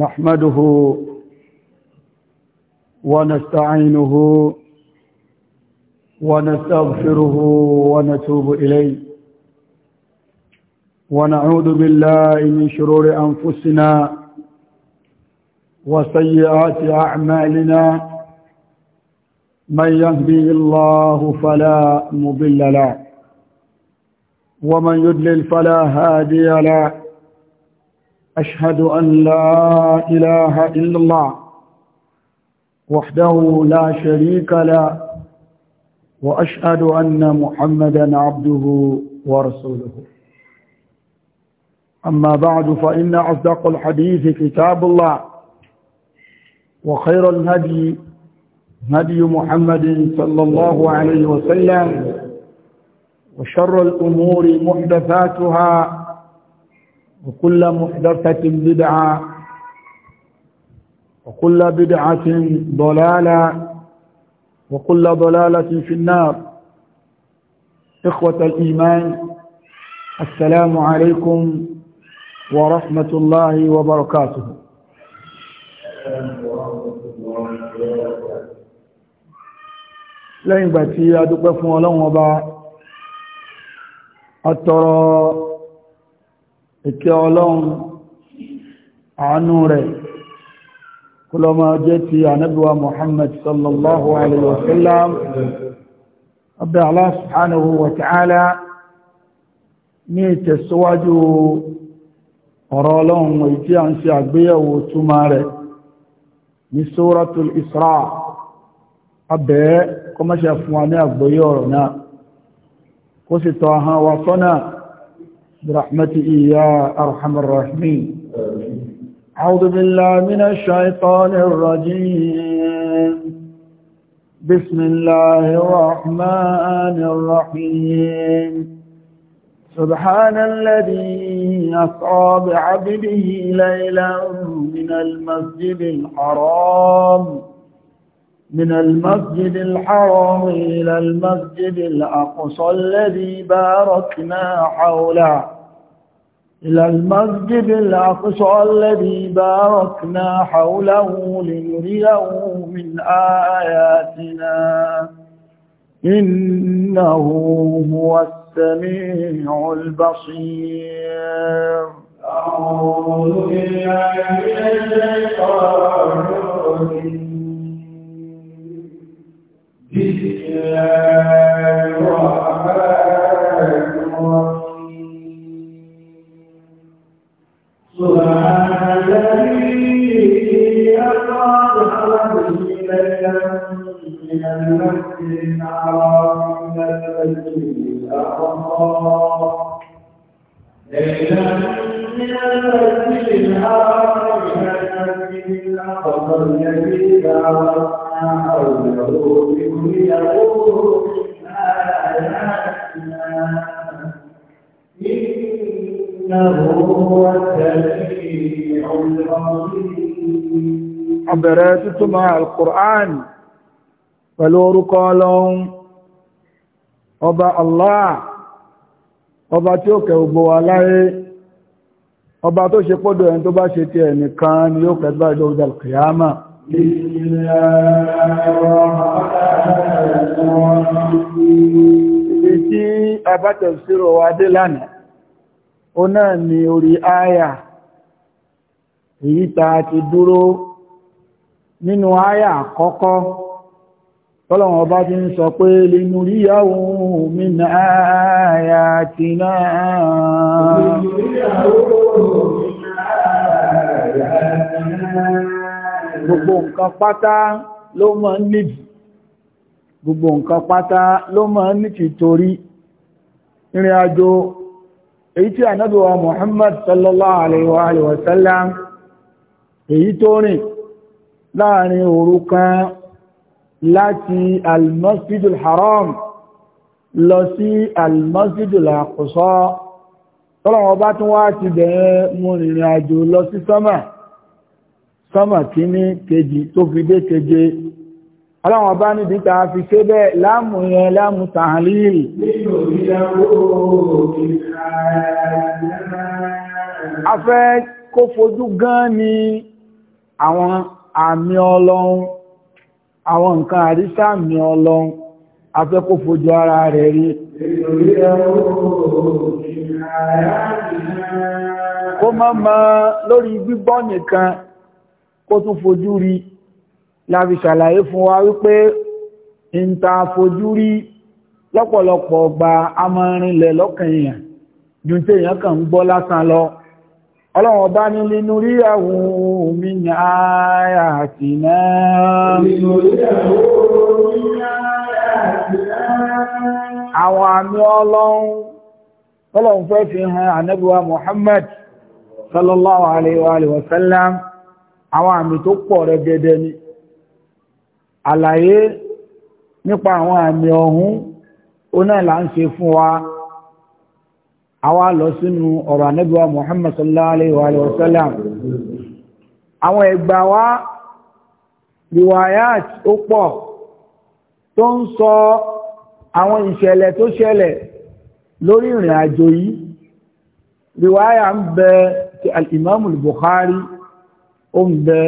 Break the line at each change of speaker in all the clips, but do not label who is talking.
نحمده ونستعينه ونستغفره ونتوب إليه ونعوذ بالله من شرور أنفسنا وسيئات أعمالنا من يهديه الله فلا مضل له ومن يدلل فلا هادي له أشهد أن لا إله إلا الله وحده لا شريك له وأشهد أن محمدا عبده ورسوله أما بعد فإن أصدق الحديث كتاب الله وخير الهدي هدي محمد صلى الله عليه وسلم وشر الأمور محدثاتها وكل محدثة بدعة وكل بدعة ضلالة وكل ضلالة في النار إخوة الإيمان السلام عليكم ورحمة الله وبركاته لين باتي أدوك فمولا وبا أترى ìkẹ́ ọlọ́run àánú rẹ̀ kó lọ máa jẹ́ ti ànábíwa Muhammad sallallahu alaihi wasallam ọbẹ̀ Allah subhanahu wa ta'ala ní ìtẹ̀síwájú ọ̀rọ̀ ọlọ́run èyí tí a ń ṣe àgbéyẹ̀wò túmọ̀ rẹ̀ ní suratul Isra abẹ́ kọmọ́ṣẹ́ fún wa ní àgbóyé ọ̀rọ̀ náà kó sì tọ́ àhán wa sọ́nà برحمته يا أرحم الراحمين أعوذ بالله من الشيطان الرجيم بسم الله الرحمن الرحيم سبحان الذي أسرى بعبده ليلا من المسجد الحرام من المسجد الحرام إلى المسجد الأقصى الذي باركنا حوله إلى المسجد الأقصى الذي باركنا حوله لنريه من آياتنا إنه
هو السميع البصير أعوذ بالله من الشيطان الرجيم بسم الله الرحمن الرحيم سبحان الذي أخرج عبده ليلا من المسجد الحرام إلى المسجد الأقصى ليلا من المسجد الحرام إلى المسجد الأقصى الذي باركنا حوله لكل يقول من آياتنا Àbẹ̀rẹ̀ títúmọ̀
Al-Qur'an pẹ̀lú orúkọ Ọlọ́run, ọba Allah, ọba tí ó kẹ gbogbo wa láyé, ọba tó ṣe pọ́dọ̀ ẹni tó bá ṣe ti kan ni ó kẹ bá ìjọ ìjọ kìyàmà. Ibi tí a wa dé lánàá. ó náà ni orí àyà èyí ta ti dúró nínú àyà àkọ́kọ́ tọ́lọ̀wọ̀n bá ti ń sọ pé lẹ́nu rí yàwó mi náà ti náà gbogbo nǹkan pátá ló máa níbi gbogbo nǹkan pátá ló máa ń ìrìn àjò èyí tí ànábíwa Muhammad sallallahu alaihi wa sallam èyí tó rìn láàrin òru kan láti almasjidul haram lọ sí almasjidul aqsa tọ́lọ̀wọ́ bá tún wá ti bẹ̀rẹ̀ mú rìnrìn àjò lọ sí sọ́mà sọ́mà kíní kejì tó fi dé keje ọlọ́run ọba níbi ta fi ṣe bẹ́ẹ̀ láàmù yẹn láàmù afẹ́ kó fojú gan ni àwọn àmì ọlọ́un àwọn nǹkan àríṣà àmì afẹ́ kó fojú ara rẹ̀ rí kó mọ́ mọ́ lórí gbígbọ́ nìkan kó tún fojú rí láti ṣàlàyé fún wa wípé ń ta fojú rí lọ́pọ̀lọpọ̀ ọgbà amọ̀rinlẹ̀ lọ́kàn èèyàn ju téèyàn kàn ń gbọ́ lásán lọ ọlọ́run bá ní nínú rí àwọn Muhammad sallallahu alaihi wa àwọn àmì tó pọ̀ rẹ̀ gẹ́gẹ́ ni àlàyé nípa àwọn àmì ọ̀hún ó náà là ń ṣe fún wa àwa lọ sínú ọ̀rọ̀ ànábíwá Muhammad sallallahu alayhi wa sallam àwọn ẹgbà wa riwayat ó pọ̀ tó ń sọ àwọn ìṣẹ̀lẹ̀ tó ṣẹlẹ̀ lórí ìrìn àjò yìí riwaya ń bẹ ti al-Imam ó ń bẹ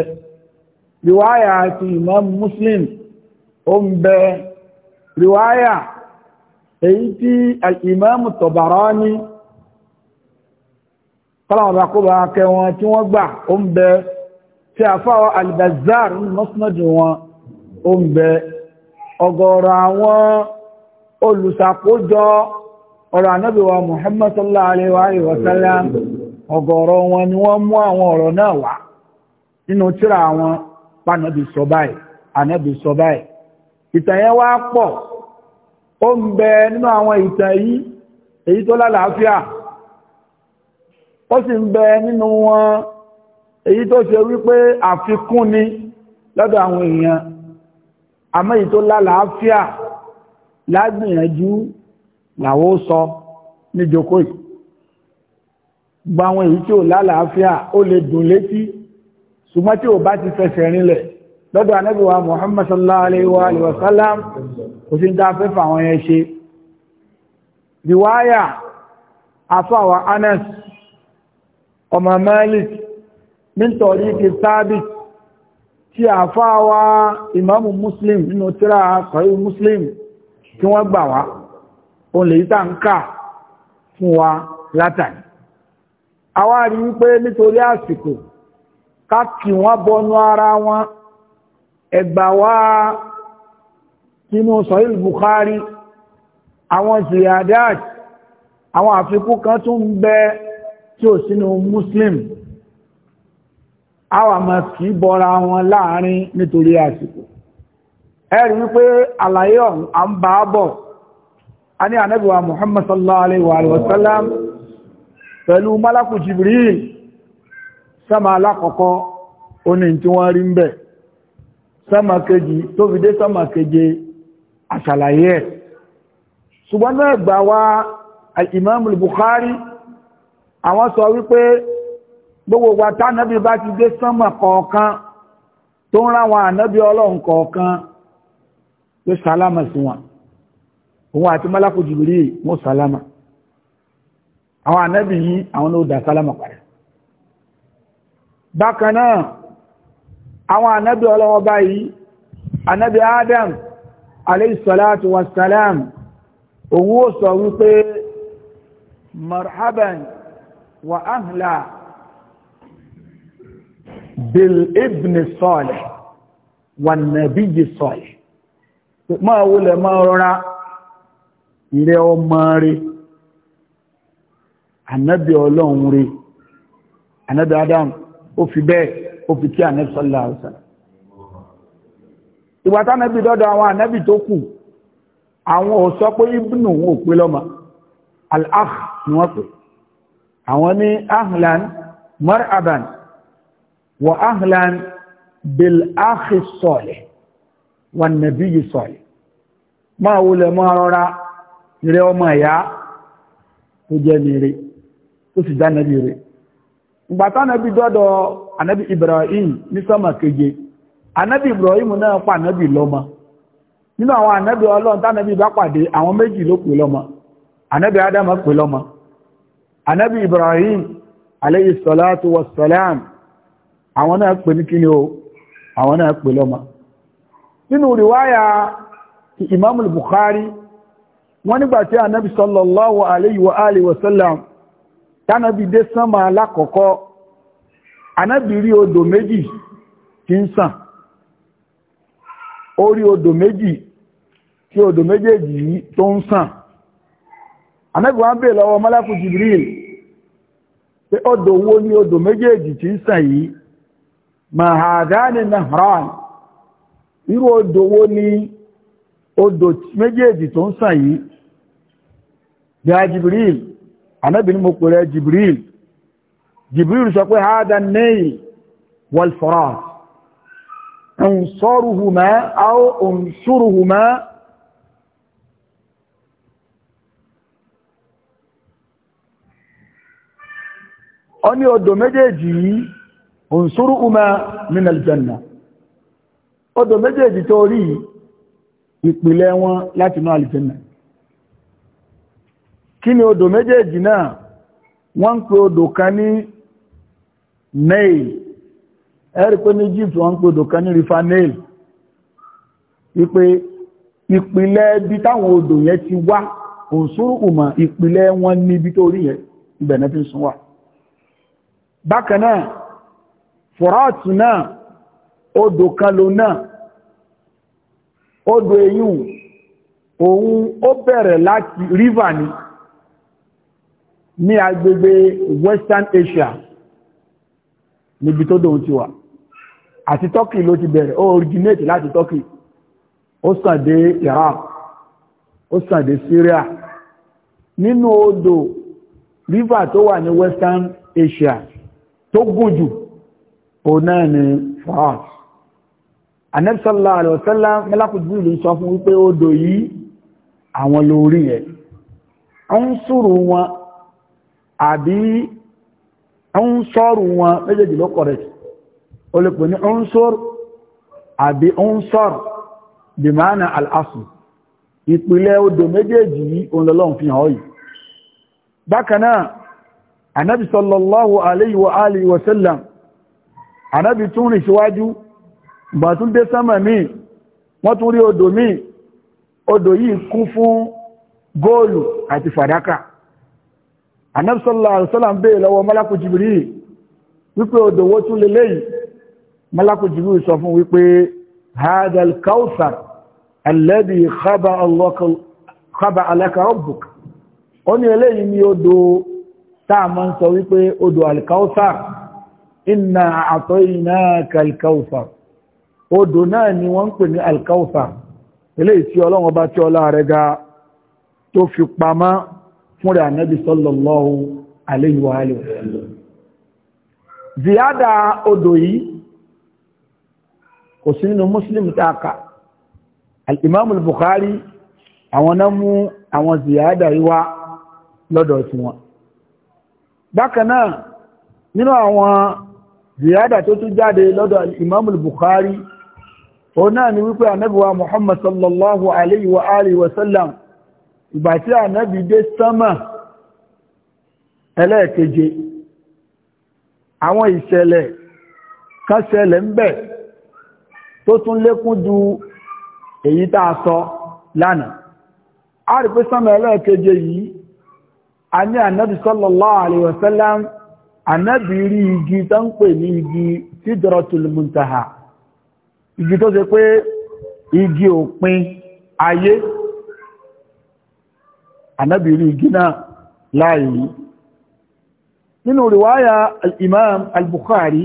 riwaya àti imam muslim o n bẹ riwaya èyí tí al-imam Tabarani kọ́lọ̀mọ̀bá kó bá kẹ́ wọn tí wọ́n gbà ó ń bẹ tí àfáwọ̀ al-Bazzar ní wọn o n bẹ ọ̀gọ̀rọ̀ àwọn olùsàkójọ ọ̀rọ̀ ànábì wa wa sallam pànàbì sọ báyìí ànàbì sọ báyìí ìtàn yẹn wá pọ̀ ó ń bẹ nínú àwọn ìtàn yìí èyí tó lálàáfíà ó sì ń bẹ nínú wọn èyí tó ṣe wípé àfikún ni lọ́dọ̀ àwọn èèyàn àmọ́ èyí tó lálàáfíà lágbìyànjú làwó sọ níjókòó yìí gba àwọn èyí tí ò lálàáfíà ó lè dùn létí ṣùgbọ́n tí ò bá ti fẹsẹ̀ rinlẹ̀ lọ́dọ̀ anábíwá Muhammad sallallahu alaihi wa sallam kò sí dá fẹ́fà àwọn yẹn ṣe riwaya afáwà Anas ọmọ Malik nítorí kí sábit tí àfáwà imamu Muslim nínú tíra kọ̀rí Muslim tí wọ́n gbà wá o lè yíta ń ká fún wa látàrí àwárí wípé nítorí àsìkò káàkì wọ́n bọnú ara wọn ẹgbà wá sínú sahih Bukhari àwọn ziyadat àwọn àfikún kan tún bẹ tí ò sínú Muslim àwọn àmà kìí bọ́ra wọn láàrin nítorí àsìkò ẹ̀rí wípé àlàyé ọ̀hún à ń bá bọ̀ a ní ànábì wa Muhammad sallallahu alaihi wa sallam pẹ̀lú malaku Jibril sáma alákọ̀ọ́kọ́ ó ní tí wọ́n rí ń bẹ̀ sáma kejì tó fi dé sáma keje àṣàlàyé ẹ̀ ṣùgbọ́n náà gbà wá al-Imam àwọn sọ wípé gbogbo wa tánàbí bá ti dé sánmà kọ̀ọ̀kan tó ń ráwọn ànábí ọlọ́run kọ̀ọ̀kan ló sálámà sí wọn òun àti mọ́lákù jìbìrí sálámà àwọn ànábí yìí àwọn ló dá sálámà padà bákan náà àwọn ànábì ọlọ́wọ́ báyìí ànábì Adam aleyhisalatu wasalam òun ó sọ wípé marhaban wa ahla bil ibn salih wa nabiyyi salih máa wulẹ̀ máa rọra ilẹ̀ ọmọ rẹ̀ ànábì ọlọ́run rẹ̀ ànábì Adam ó fi bẹ́ẹ̀ ó fi kí ànẹ́bí sọ́lá ọ̀sán ìgbà tánẹ́bí dọ́dọ̀ àwọn ànẹ́bí tó kù àwọn ò sọ pé ibnu wọn ò pé lọ́mọ al-akh ni wọ́n pè àwọn ní ahlan marhaban wa ahlan bil akhi salih wa nabiyyi salih máa wulẹ̀ máa rọra ìrẹ́ ọmọ ìyá tó jẹ́ ní ire tó sì dá nàbí ire gbàtà anabi dọ́dọ̀ anabi ibrahim ní sọ́mà keje anabi ibrahim náà pa anabi lọ́mọ nínú àwọn anabi ọlọ́run tánàbí bá pàdé àwọn méjì ló pè lọ́mọ anabi adam pè lọ́mọ anabi ibrahim alayhi salatu àwọn náà pè ní o àwọn náà pè lọ́mọ nínú riwaya ti imam al wọ́n nígbàtí anabi sallallahu alayhi wa tánàbí dé sánmà alákọ̀ọ́kọ́ anábì odò méjì tí ń sàn ó odò méjì tí odò méjèèjì yìí tó ń sàn anábì lọ́wọ́ Jibril pé odò wo ni odò méjèèjì tí ń sàn yìí mahadani nahran irú odò wo ni odò méjèèjì tó ń sàn yìí Jibril anábì ní mo pè rẹ jibril jibril sọ pé hada nẹ́yì wọlfọ́rọ̀ ǹsọ́rùhùmá aw ǹsúrùhùmá ọ ní odò méjèèjì yìí ǹsúrùhùmá min aljanna odò méjèèjì tó rí ìpìlẹ̀ wọn láti inú aljanna Kini odo odò méjèèjì náà wọ́n ń pe odò kan ní nail ẹ̀rí pé ní Egypt wọ́n ń pe odò kan ní rifa nail wípé ìpìlẹ̀ ibi táwọn odò yẹn ti wá òǹsúrù ùmọ̀ ìpìlẹ̀ wọn níbi tó rí yẹn ìbẹ̀nẹ́ fi sún wà bákan náà fọ́rọ́ọ̀tù náà odò kan ló náà odò eyín òun ó bẹ̀rẹ̀ láti river ni ní agbègbè Western Asia níbi tó dòun ti wà àti Turkey ló ti bẹ̀rẹ̀ ó originate láti Turkey ó sàn dé Iraq ó sàn dé Syria nínú odò river tó wà ní Western Asia tó gùn jù òun náà ni France, Ànábì sallallahu alaihi wasallam mẹ́lákùnjú lè sọ fún wípé odò yìí àwọn lórí ẹ̀ ń sùúrù wọn àbí ń sọ́rù wọn méjèèjì ló correct o lè pè ní ń sọ́rù àbí ń sọ́rù bí máa na al'asu ìpìlẹ̀ odò méjèèjì yìí olólọ́n fi hàn ọ́yì bákanáà anábi sallallahu alayhi wa alihi wa sallam anábi tún rìn síwájú bá tún dé sánmà míì wọ́n tún rí odò míì odò yìí kún fún góòlù àti fàdákà Ànábì sallallahu alaihi wasallam ń béèrè lọ́wọ́ mọ́lákù jìbìrì wípé odòwó tún lè léyìí mọ́lákù jìbìrì sọ fún wípé hadal kawthar alladhi khaba alaka rabbuk ó ní eléyìí ni odò táà máa ń sọ wípé odò alkawthar inna a'tainaka alkawthar odò náà ni wọ́n pè ní alkawthar eléyìí tí ọlọ́wọ́n bá tí ọlá rẹ̀ ga tó fi pamọ́ fúnra ànábì sallallahu alayhi wa alihi wa sallam ziyada odò yìí kò sí nínú muslim tààkà al-imam al-bukhari àwọn náà mú àwọn ziyada yìí wá lọ́dọ̀ tí wọn bákan náà nínú àwọn ziyada tó tún jáde lọ́dọ̀ al bukhari òun náà ni wípé ànábì muhammad sallallahu alayhi wa alihi wa sallam ìgbà tí ànábì dé sánmà ẹlẹ́ẹ̀keje àwọn ìṣẹ̀lẹ̀ kan ń bẹ tó tún lékún ju èyí tá a sọ lánàá a rí pé sánmà yìí a ní igi tó ń pè ní igi Sidratul igi tó se pé igi òpin ayé ànábì rí igi náà láàyè yìí nínú rìwáyà imam al-bukhari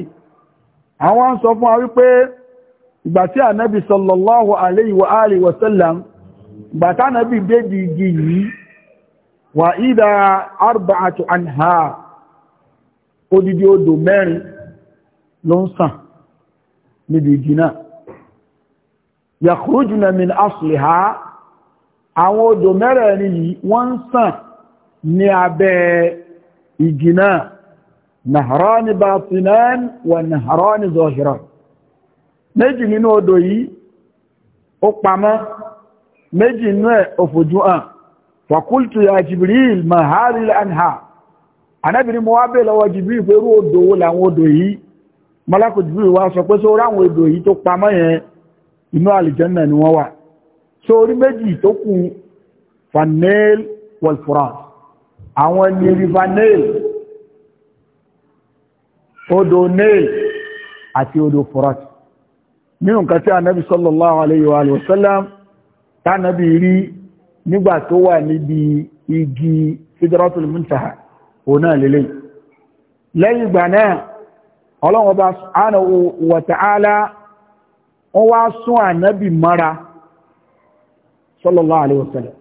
àwọn sọ fún wa wípé ìgbà tí ànábì sallallahu alayhi wa alihi wa sallam ìgbà tí ànábì débi igi yìí wà ìdá arba'atu anhar odidi odò mẹ́rin ló ń sàn níbi igi náà yakhrujna min asliha àwọn odò mẹ́rẹ̀ẹ̀rin yìí wọ́n ń sàn ní abẹ́ igi náà nahrani batinan wa nahrani zohiran méjì nínú odò yìí ó pamọ́ méjì nínú ẹ̀ òfojú hàn fàkúltù ya jibril mahari anha anábìnrin mo wá bèèrè lọ́wọ́ jibril pé irú odò wo làwọn odò yìí malakú wá sọ pé sórí àwọn odò yìí tó pamọ́ yẹn inú àlìjẹ́nnà ni wọ́n wà so orí méjì tó kù fanel walfurat àwọn ni river nail odò nail àti odò furat nínú nǹkan tí ànábì sallallahu alayhi wa sallam tánàbí rí nígbà tó wà níbi igi sidratul muntaha òun náà lélẹ́yìn lẹ́yìn ìgbà náà ọlọ́wọ́ bá subhanahu wa ta'ala wọ́n wá sún ànábì mọ́ra sallallahu alaihi wasallam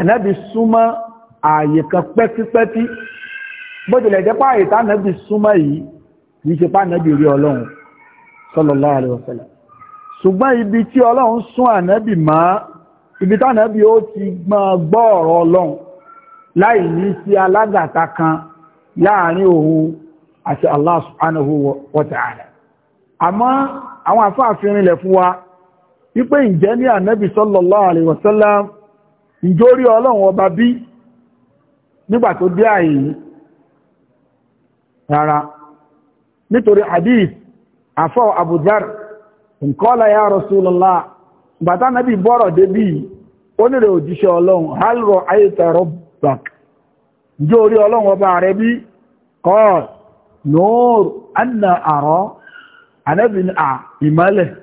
ànábì súnmọ́ ààyè kan pẹ́kípẹ́kí bójìlẹ̀ jẹ́ páàyè tá ànábì súnmọ́ yìí kìí ṣe páànábì rí ọlọ́run sallallahu alaihi wasallam ṣùgbọ́n ibi tí ọlọ́run sún ànábì má ibi tánàbí ó ti gbọ́n gbọ́ ọ̀rọ̀ ọlọ́run láì ní sí alágàta kan láàrin òun àti Allah subhanahu wa ta'ala àmọ́ àwọn àfáàfin rinlẹ̀ fún wa wípé ǹjẹ́ ní ànábì sallallahu alaihi wasallam ìjórí ọlọ́run ọba bí nígbà tó dé àyè rárá nítorí hadith àfọ́ abudar nkọ́lá ya rasulullah bàtà náà bọrọ bọ́rọ̀ débí onírè òjíṣẹ́ ọlọ́run halrọ̀ ọba anna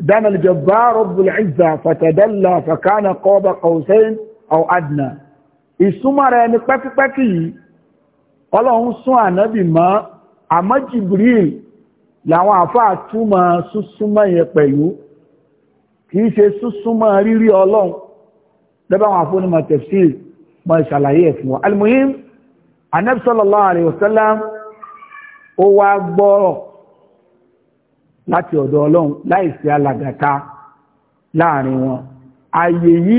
دنا الجبار رب العزة فتدلى فكان قاب قوسين أو أدنى ìsúnmọ́ rẹ̀ ni pẹ́kípẹ́kí yìí ọlọ́run sún ànábì mọ́ àmọ́ Jibril làwọn àfáà túmọ̀ súnsúnmọ́ yẹn pẹ̀lú kìí ṣe súnsúnmọ́ rírí ọlọ́run lẹ́bàá àwọn afọ́nimọ̀ tafsir mọ́ ìṣàlàyé ẹ̀ fún wa almuhim anabi sallallahu alayhi wa sallam ó wá gbọ́rọ̀ láti ọ̀dọ̀ ọlọ́run láìsí alàgàtà láàrin wọn ààyè yìí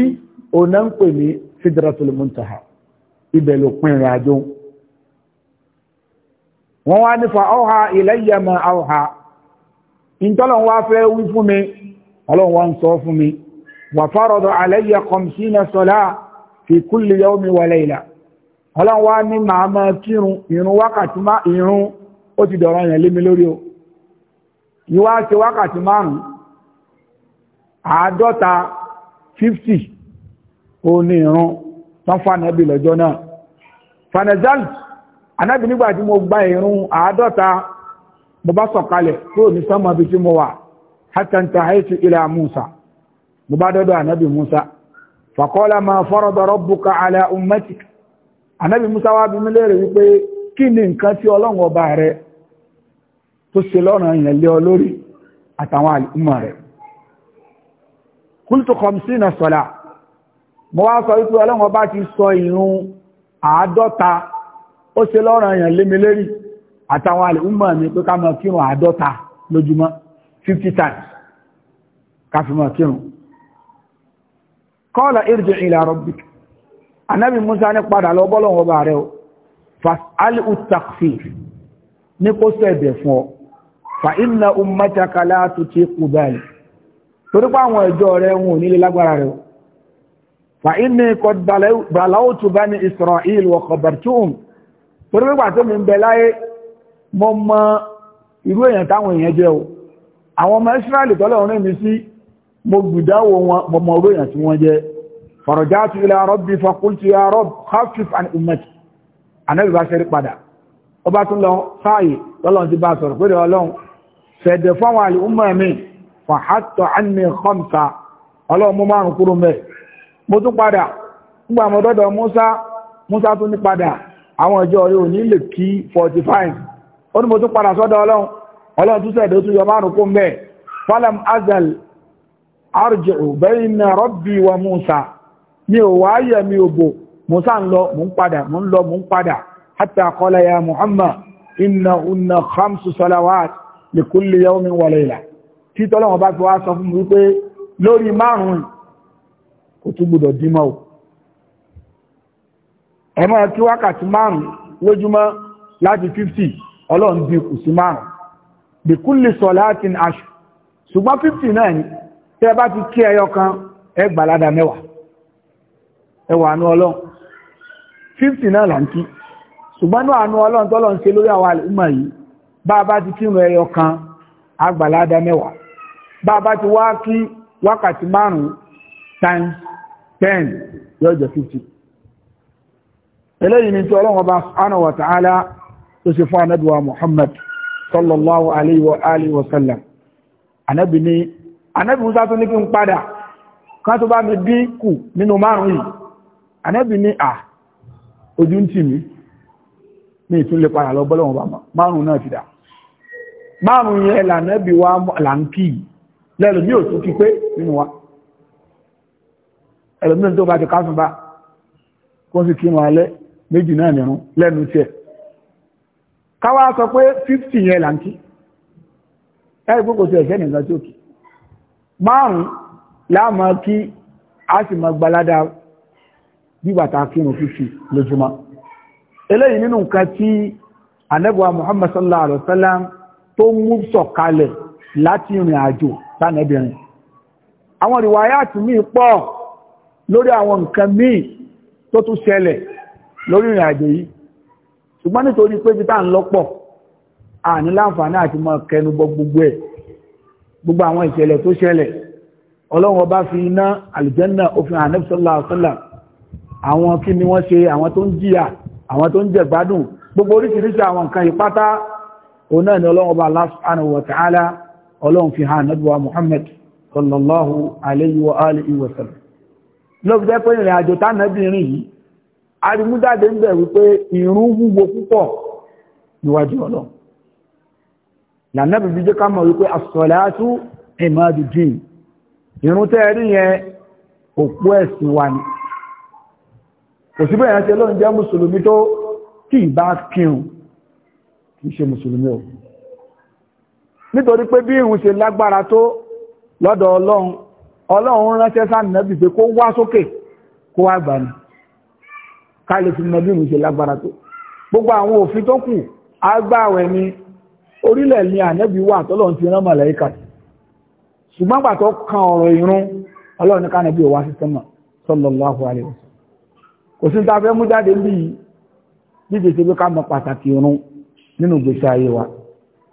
ọ̀nà ń pè ní sidratul ibẹ̀ ló ìrìn àjò wọn wá nífa ọ̀hà ilayya ma ọ̀hà wá fẹ́ wí fún mi ọlọ́run wá ń sọ fún mi wà fi kulli yawmi wa layla wá ní màá máa kírun wákàtí ìwá ṣe wákàtí márùn-ún àádọ́ta 50 òní ìrún tán fánàbí lọ́jọ́ náà fanazalt anábì nígbà tí mo gba ìrún àádọ́ta mo bá sọ̀kalẹ̀ kúrò ní sánmọ̀ bí tí mo wà hátàntà àìsù ilẹ̀ Musa mo bá dọ́dọ̀ anábì Musa fàkọ́lá ma farada ala anábì Musa wá léèrè wípé kí ni nǹkan tí ọlọ́run tó ṣe lọ́rùn èèyàn lé ọ lórí àtàwọn àlùmọ̀ rẹ̀ kúlùtù kọmsínà sọ̀lá mo wá sọ wípé ọlọ́run ọba ti sọ ìrun àádọ́ta ó ṣe lọ́rùn èèyàn lé mi lérí àtàwọn àlùmọ̀ mi pé ká máa kírun àádọ́ta lójúmọ́ fifty times ká fi máa kírun kọ́ọ̀lá irji ila rabbik anábì musa ní padà lọ bọ́lọ́run ọba rẹ̀ o fas'al ut-takfir ní kó sẹ̀dẹ̀ fún ọ fa inna ummataka la tutiqu dhalik torí pé àwọn ìjọ rẹ̀ wọn ò nílé lágbára rẹ̀ fa inni qad balawtu bani isra'il wa khabartuhum torí pé pàtó mi ń bẹ láyé mọ́ mọ́ irú èèyàn táwọn èèyàn jẹ́ o àwọn ọmọ israẹli tọ́lọ̀ rìn mi sí mo gbìdáwò wọn mọ̀mọ̀ orú èèyàn tí wọ́n jẹ́ farajatu ila rabbi fa qultu ya rabb khafif an ummati anẹ́bí bá ṣẹ́rí padà ọba tún lọ sáàyè lọ́lọ́run ti bá sọ̀rọ̀ pé ọlọ́run fẹ̀dẹ̀ fáwọn àlùmọ̀ mi fàhátọ̀ ánì khamsa ọlọ́mú márùn kúrò mẹ́ mo tún padà nígbà mọ́ dọ́dọ̀ Musa Musa tún ní padà àwọn ìjọ rẹ̀ ò lè kí 45 ó ní mo tún padà sọ́dọ̀ ọlọ́run ọlọ́run tún sẹ̀dẹ̀ tún yọ márùn kún mẹ́ lè kó lè yọ́ mi wọlé ìlà tí tọ́lọ́wọ́n bá fi wá sọ fún mi wípé lórí márùn-ún kò tún gbọdọ̀ dímọ̀ o ẹ máa wákàtí márùn-ún lójúmọ́ láti 50 ọlọ́run bí kù sí márùn-ún lè kú lè sọ láti aṣù ṣùgbọ́n 50 náà ni tẹ́ bá ti kí ẹyọ kan ẹ gbàládà mẹ́wàá ẹwà àánú ọlọ́run 50 náà là ń kí ṣùgbọ́n náà àánú ọlọ́run tọ́lọ́run ṣe lórí àwọn àlùmọ̀ yìí bàbá ti kírun ẹyọ kan agbàládá mẹ́wàá bàbá ti wá kí wákàtí márùn-ún times ten yóò jẹ́ fifty eléyìí ni tí ọlọ́run bá subhanahu wa ta'ala tó ṣe fún anábìwa muhammad sallallahu alayhi wa alihi wa sallam anábì ni anábì musa tó ní kí n padà kan tó bá mi dínkù nínú márùn-ún yìí anábì ni à ojú ń tì mí mi ìtúnlẹ̀ padà lọ bọ́lọ́run bá márùn-ún náà ti dáa márùn yẹn lànà bí wá làǹkì lẹ́lò ní òtún kí nínú wa ẹlòmínú tó bá ti káfún bá kó sì kí wọn alẹ́ méjì náà nìrún lẹ́nu tí káwàá sọ pé 50 yẹn làǹkì ẹ̀rí púpọ̀ sí ẹ̀ṣẹ́ nìkan tí ó kì márùn láàmà kí a gbalada Muhammad sallallahu alaihi sallam. tó mú sọ̀kalẹ̀ láti ìrìn àjò tánẹ́bìnrin àwọn ìwàyàtì míì pọ̀ lórí àwọn nǹkan míì tó tún ṣẹlẹ̀ lórí ìrìn àjò yìí ṣùgbọ́n nítorí pé títà ń lọ́pọ̀ àní láǹfààní àti mọ́ kẹnubọ gbogbo ẹ̀ gbogbo àwọn ìṣẹ̀lẹ̀ tó ṣẹlẹ̀ ọlọ́run ọba fi iná òun náà ni ọlọ́run bá Allah subhanahu wa ta'ala ọlọ́run fi hàn nàbíwá Muhammad sallallahu alayhi wa alihi wa sallam lọ́bí jẹ́ pé ìrìn àjò tánàbìnrin yìí arimújáde ń bẹ̀ wípé irun wúwo púpọ̀ níwájú ọlọ́run lànàbì bí jẹ́ ká mọ̀ wípé as-salatu imadu din ìrún musulumi kì í ṣe mùsùlùmí o nítorí pé bí ìrun ṣe lágbára tó lọ́dọ̀ ọlọ́run ọlọ́run ránṣẹ́ sánàbì pé kó wá sókè kó wá gbà ní ká lè fi mọ bí ìrun ṣe lágbára tó gbogbo àwọn òfin tó kù agbáwẹ̀ ni orílẹ̀ ni ànẹ́bí wà tọ́lọ́run ti rán màláíkà ṣùgbọ́n pàtó kan ọ̀rọ̀ ìrun ọlọ́run ká nàbí òwá sí sánmà sallallahu alaihi wasallam kò sí ta fẹ́ mú jáde bí bí gbèsè pé ká mọ pàtàkì ìrun nínú gbèsè ayé wa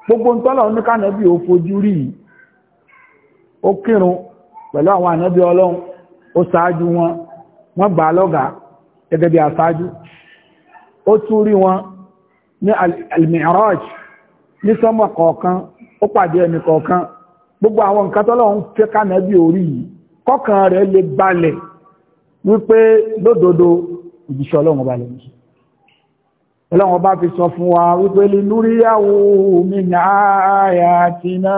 gbogbo ntọ́lọ̀ oníkànẹ́bí ó fojú rí yìí ó kírun pẹ̀lú àwọn ànábí ọlọ́run ó ṣáájú wọn wọ́n gbà lọ́gà gẹ́gẹ́ bí aṣáájú ó tún rí wọn ní al-mi'raj ní sọ́mọ̀ kọ̀ọ̀kan ó pàdé ẹni kọ̀ọ̀kan gbogbo àwọn nǹkan tọ́lọ́run fẹ́ kànẹ́bí orí yìí kọ́kàn rẹ̀ lè balẹ̀ wípé lódodo òjíṣẹ́ ọlọ́run balẹ̀ yìí ọlọ́run bá fi sọ fún wa wípé linúríyàwó min ayatina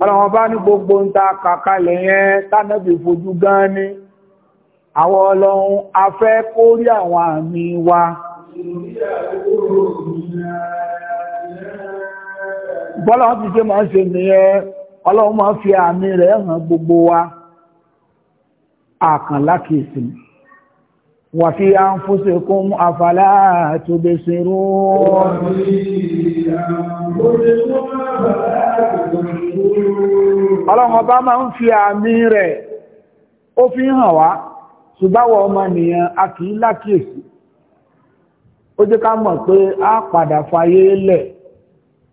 ọlọ́run bá ní gbogbo ń ta kàkalẹ̀ yẹn tánàbì fojú gan ni àwọn ọlọ́run afẹ́ kórí àwọn àmì wa Ìrìnlẹ̀ àwọn òòrùn bọ́lá wọn ti ṣe máa ń ṣe nìyẹn ọlọ́run máa ń fi àmì rẹ̀ hàn gbogbo wa àkànlá kìsì wà fi anfusikum afala tubsirun ọlọ́run ọba máa ń fi àmì rẹ̀ ó fi hàn wá ṣùgbáwọ̀ ọmọ nìyàn a kìí lákìsì ó jẹ́ ká mọ̀ pé a padà fayé lẹ̀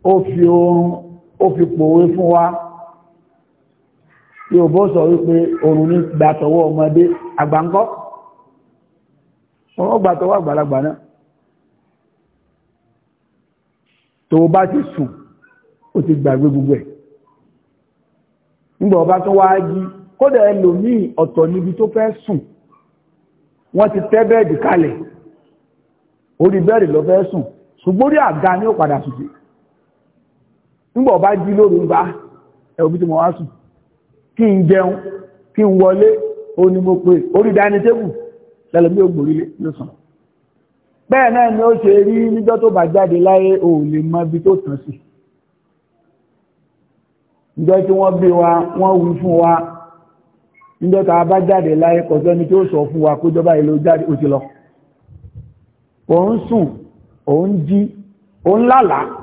ó fi oorun ó fi pòwe fún wa yóò bó sọ wípé oorun ní gbàtọwọ́ ọmọdé àgbàǹkọ́ ọmọ gbàtọwọ́ àgbàlagbà náà tó bá ti sùn ó ti gbàgbé gbogbo ẹ̀ nígbà ọba tó wá jí kódà ẹlòmíì ọ̀tọ̀ níbi tó fẹ́ sùn wọ́n ti tẹ́ bẹ́ẹ̀dì kalẹ̀ orí bẹ́ẹ̀dì lọ fẹ́ sùn ṣùgbórí àga ni ó padà sùn sí nígbà ọba jí lóru bá ah, ẹ̀rù tí mo wá sùn kí n jẹun kí n wọlé ó ní mo pé orí dání tébù lẹ́lọ́mí ògbòrílé ló sàn bẹ́ẹ̀ náà ni ó ṣe rí níjọ́ tó bá jáde láyé ò lè mọ ibi tó tàn sí níjọ́ tí wọ́n bí wa wọ́n wí fún wa níjọ́ tá a bá jáde láyé kọ̀sẹ́ni tí ó sọ fún wa kójọba ìlú jáde ó ti lọ òun sùn òun jí òun lálàá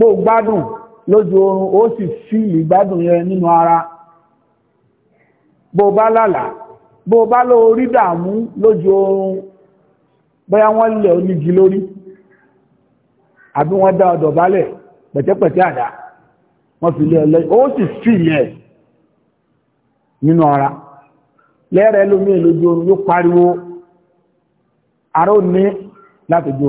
pò gbádùn lójú oorun ó sì fíìlì gbádùn yẹn nínú ara bó bá lálàá bó bá ló rí dààmú lójú oorun bóyá wọn lè onígi lórí àbí wọ́n dá ọ̀dọ̀ àdá fi lé ó sì fíìlì nínú ara lẹ́rẹ̀ẹ́ pariwo ara ò ní láti ju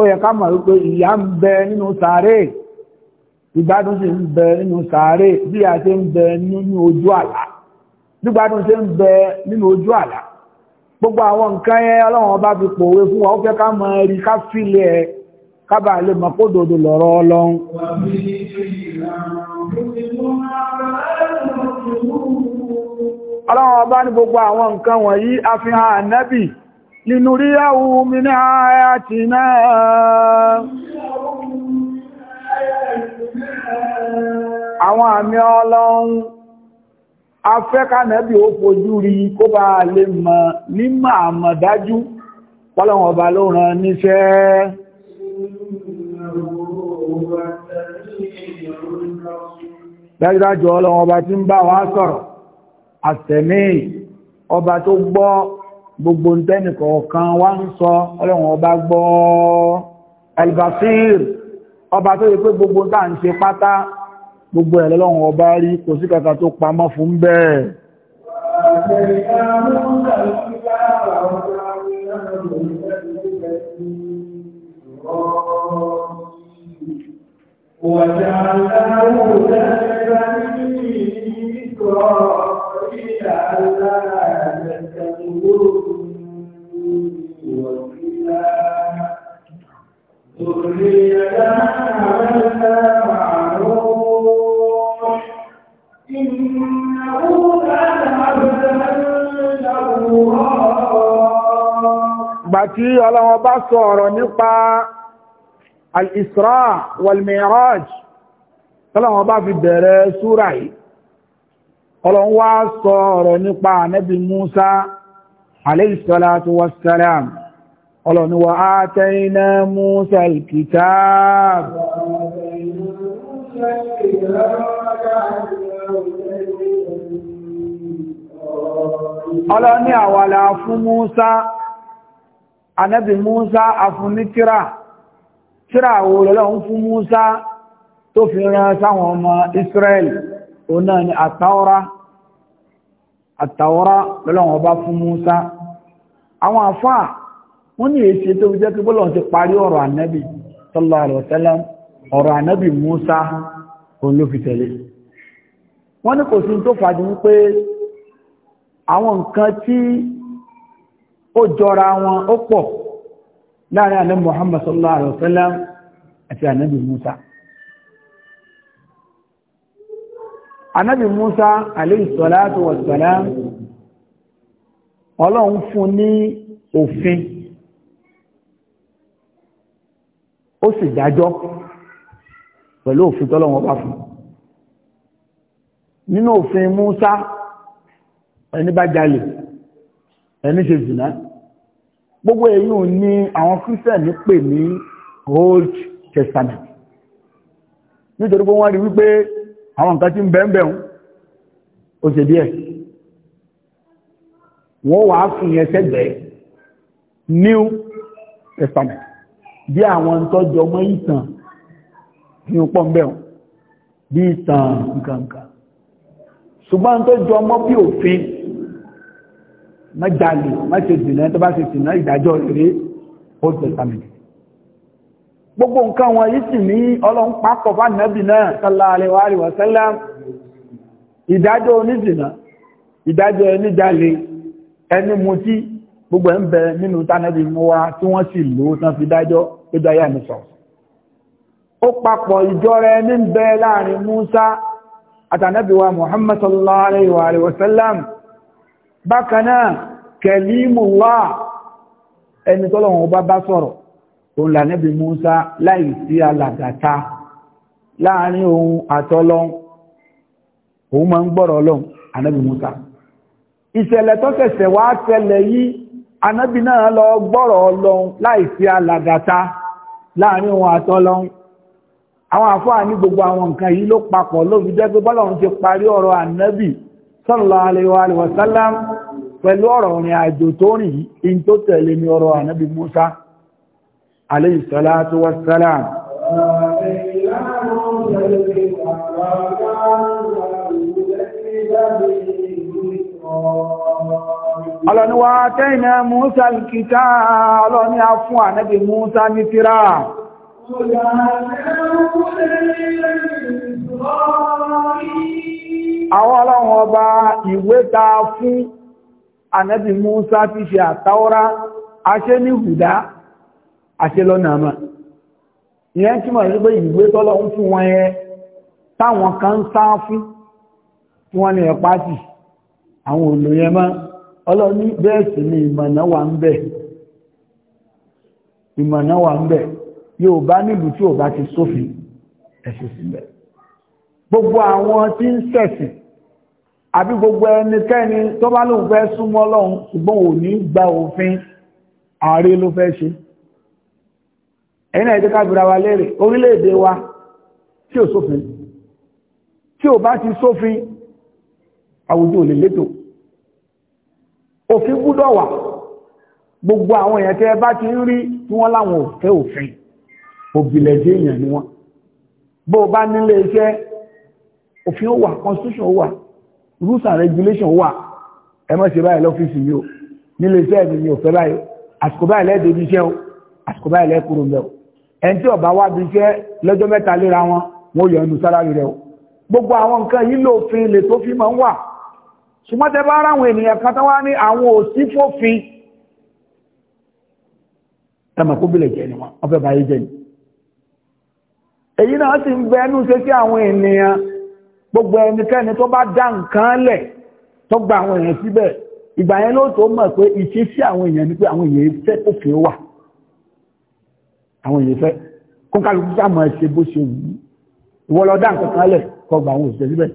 ó yẹ ká mọ̀ wípé ìyà ń bẹ nínú sàárè ìgbádùn sì ń bẹ nínú sàárè bí a ṣe ń bẹ nínú ojú àlá gbígbádùn ṣe ń bẹ nínú ojú àlá gbogbo àwọn nǹkan yẹn ọlọ́run ọba fi pòwe fún wa ó fẹ́ ká mọ ẹ̀rí ká fílẹ̀ kábà lè mọ kó dòdò lọ́rọ̀ ọlọ́run. ọlọ́run ọba ní gbogbo àwọn nǹkan wọ̀nyí a fi لنريه من آياتنا àwọn àmì ọlọ́run afẹ́kànẹ́bì ó fojú rí kó bá lè mọ̀ ní máa mọ̀ dájú pọ́lọ̀wọ̀n ọba ló rán níṣẹ́ dájúdájú ọlọ́run ọba tí ń bá wa sọ̀rọ̀ àtẹ̀mí ọba tó gbọ́ gbogbo tẹ́nìkọ̀ kan wá ń sọ ọlọ́run ọba gbọ́ albasir ọba tó yẹ pé gbogbo tá ń ṣe pátá gbogbo ẹ̀ ọba rí kò sí kàkà tó pamọ́ fún bẹ́ẹ̀
وَجَعَلْنَاهُ لَكَ فِي ذِكْرَى إِلَى اللَّهِ Gbàtí
ọlọ́wọ́ bá sọ ọ̀rọ̀ nípa Al-Isra wal-Mi'raj, ọlọ́wọ́ bá fi bẹ̀rẹ̀ súra yìí, ọlọ́wọ́ wá sọ ọ̀rọ̀ nípa Ànábì Musa, alayhi salatu wassalam ọlọ́ni wa atayna Musa al-kitab
ọlọ́ni àwàlá fún
Musa anábì Musa afúnitira tíra àwòrán fún Musa tó fi rán sáwọn ọmọ Israel òun náà ni àtàwọ́rá àtàwọ́rá lọ́lọ́wọ́ bá fún Musa àwọn àfáà wọ́n ní èsì tó jẹ́ pé bọ́lọ̀ ti parí ọ̀rọ̀ ànábì sallallahu alaihi wasallam ọ̀rọ̀ ànábì Musa òun ló fi tẹ̀lé wọ́n ní kò sí tó fàájú wípé àwọn nǹkan tí ó jọra wọn ó pọ̀ láàrin ànábì Muhammad sallallahu alaihi àti ànábì Musa anábì Musa alayhi salatu wa salam ọlọ́run fún ní òfin ó sì dájọ́ pẹ̀lú òfin tọ́lọ́run bá fún nínú òfin Musa ẹni bá jalè ẹni ṣe zìnà gbogbo èyí ò ní àwọn kírísẹ̀nì pè ní Old Testament nítorí pé wọ́n rí wípé àwọn nǹkan tí ń bẹ̀ẹ̀bẹ̀ ń ó ṣe díẹ̀ wọ́n wà á fi yẹn sẹ́gbẹ̀ẹ́ new testament bí àwọn ń tọ́jú ọmọ ìtàn ní ọpọ̀ bẹ̀ẹ̀hùn bí ìtàn nǹkankan ṣùgbọ́n tó jọ ọmọ bí òfin má jalè má ṣe dìnà tó bá ṣe dìnà ìdájọ́ rere old testament gbogbo nǹkan wọn yìí sì ní ọlọ́run pápọ̀ bá nẹ́bì náà sallallahu alaihi wa ìdájọ́ oníjìnà ìdájọ́ ẹni mutí gbogbo ẹ̀ ń bẹ nínú tánẹ́bì mú wa tí wọ́n sì lò ó tán fi dájọ́ dáyà ní sọ ó papọ̀ ń bẹ Musa àtànẹ́bì wa Muhammad sallallahu alaihi wa bákan náà ẹni òun là nẹ́bí Musa láì sí alàgàta láàrin òun àtọ́lọ́n òun máa ń gbọ́rọ̀ ọlọ́run ànẹ́bí Musa ìṣẹ̀lẹ̀ tó ṣẹ̀ṣẹ̀ wá ṣẹlẹ̀ yìí ànẹ́bí náà lọ gbọ́rọ̀ ọlọ́run láì sí alàgàta láàrin òun àtọ́lọ́run àwọn àfáà ní gbogbo àwọn nǹkan yìí ló papọ̀ lóbi jẹ́ pé bọ́lọ́run ti parí ọ̀rọ̀ ànẹ́bí sallallahu alaihi wa sallam pẹ̀lú ọ̀rọ̀ ìrìn àjò tó rìn yìí in tó tẹ̀lé ní ọ̀rọ̀ ànẹ́bí Musa alayhi salatu wassalam ọlọ́ni wa tẹ́yìnà Musa kìtà ọlọ́ni a fún ànábì Musa ní tírà
àwọn ọlọ́run ọba
ìwé ta fún ànábì Musa ti ṣe àtàwọ́rá aṣẹ́ ní hùdá àṣẹ lọ́nà àmà ìyẹn tí mọ̀ sí pé ìgbé tọ́lọ́ ń fún wọn yẹn táwọn kan ń fún tí wọ́n ní ẹ̀pá sí àwọn òlò ọlọ́ní bẹ́ẹ̀ ni ìmọ̀nà wà ń bẹ̀ ìmọ̀nà wà ń bẹ̀ yóò bá nílùú tí ò bá ti sófin ẹ̀sìn sílẹ̀ gbogbo àwọn tí ń ṣẹ̀sìn àbí gbogbo ẹnikẹ́ni tó bá lóun fẹ́ súnmọ́ Ọlọ́run ṣùgbọ́n ò gba òfin ààrẹ ló fẹ́ ṣe ẹ̀yìn náà ìdíká bìra wa lẹ́rẹ̀ orílẹ̀-èdè wa tí ò sófin tí ò bá ti sófin àwùjọ ò lè létò òfin gbúdọ̀ wà gbogbo àwọn èèyàn tẹ́ bá ti ń rí tí wọ́n láwọn ò òfin òbílẹ̀ dé èèyàn ni wọ́n bó o bá nílé iṣẹ́ òfin ó wà constitution ó wà rules and regulation ó wà ẹ má ṣe báyìí lọ́fíìsì yìí o nílé iṣẹ́ mi ni ò fẹ́ báyìí àsìkò báyìí lẹ́ẹ̀dẹ́ ibi iṣẹ́ o àsìkò báyìí lẹ́ẹ̀kúrò mẹ́wọ̀ ẹni tí ó bá wá bí iṣẹ́ lọ́jọ́ mẹ́ta léra wọn wọ́n yọ ẹnu sálárì rẹ̀ gbogbo àwọn nǹkan yìí lófin lè tó fi máa ń wà ṣùgbọ́tẹ́ bá ráwọn ènìyàn kan tán wá ní àwọn òsí fófin ẹmọ̀kúbílẹ̀ jẹ́ ni wọ́n fẹ́ báyé jẹ́ ni èyí náà sì ń bẹ ẹnu ṣe sí àwọn ènìyàn gbogbo ẹnikẹ́ni tó bá dá nǹkan lẹ̀ tó gba àwọn èèyàn síbẹ̀ ìgbà yẹn ló tó mọ̀ pé ìṣesí àwọn èèyàn ni pé àwọn èèyàn fẹ́ òfin wà àwọn èyí fẹ́ kó kálukú sáàmù ẹ̀ṣẹ̀ bó ṣe wù ú ìwọ lọ dá nǹkan kan lẹ̀ kọ gba àwọn òṣìṣẹ́ síbẹ̀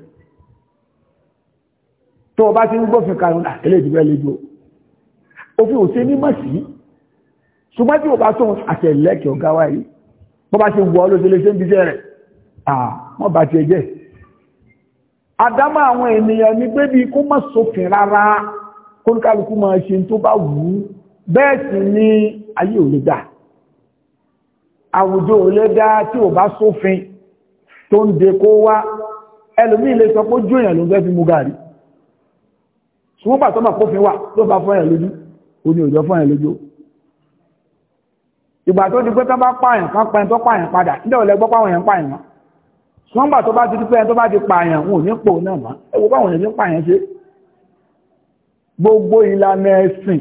tó o bá ti ń gbófin karùn-ún àtẹ́lẹ̀ ìdíbẹ̀ lójú òfin ò ṣe ní mọ̀ sí ṣùgbọ́n tí o bá tóun àtẹ̀lẹ́kẹ̀ ọ̀gá wa yìí bó bá ṣe wù ọ́ lóṣèlú ṣe ń bíṣẹ́ rẹ̀ wọ́n bá ti ẹjẹ́ àdámọ́ àwọn ènìyàn ní pé bí kó má sófin rárá kó ní kálukú máa ṣe tó bá wù ú bẹ́ẹ̀ sì ni ayé ò lè dáa àwùjọ ò lè dá tí ò bá sófin tó ń de kó wá ẹlòmí ilé sọ pé jóyàn ló ń fẹ́ fi mú gàrí ṣùgbọ́n pàtó mà kófin wà ló bá fún ẹ̀yàn lójú ó ní òjò fún ẹ̀yàn lójú ìgbà tó di pé tán bá pààyàn kan pa ẹni tó pààyàn padà nílẹ̀ ò lẹ́gbọ́ pàwọn èèyàn pààyàn mọ́ ṣùgbọ́n pàtó bá ti di pé ẹni tó bá ti pààyàn wọn ò ní pò náà mọ́ ẹwọ báwọn èèyàn ti pààyàn ṣe gbogbo ìlànà ẹ̀sìn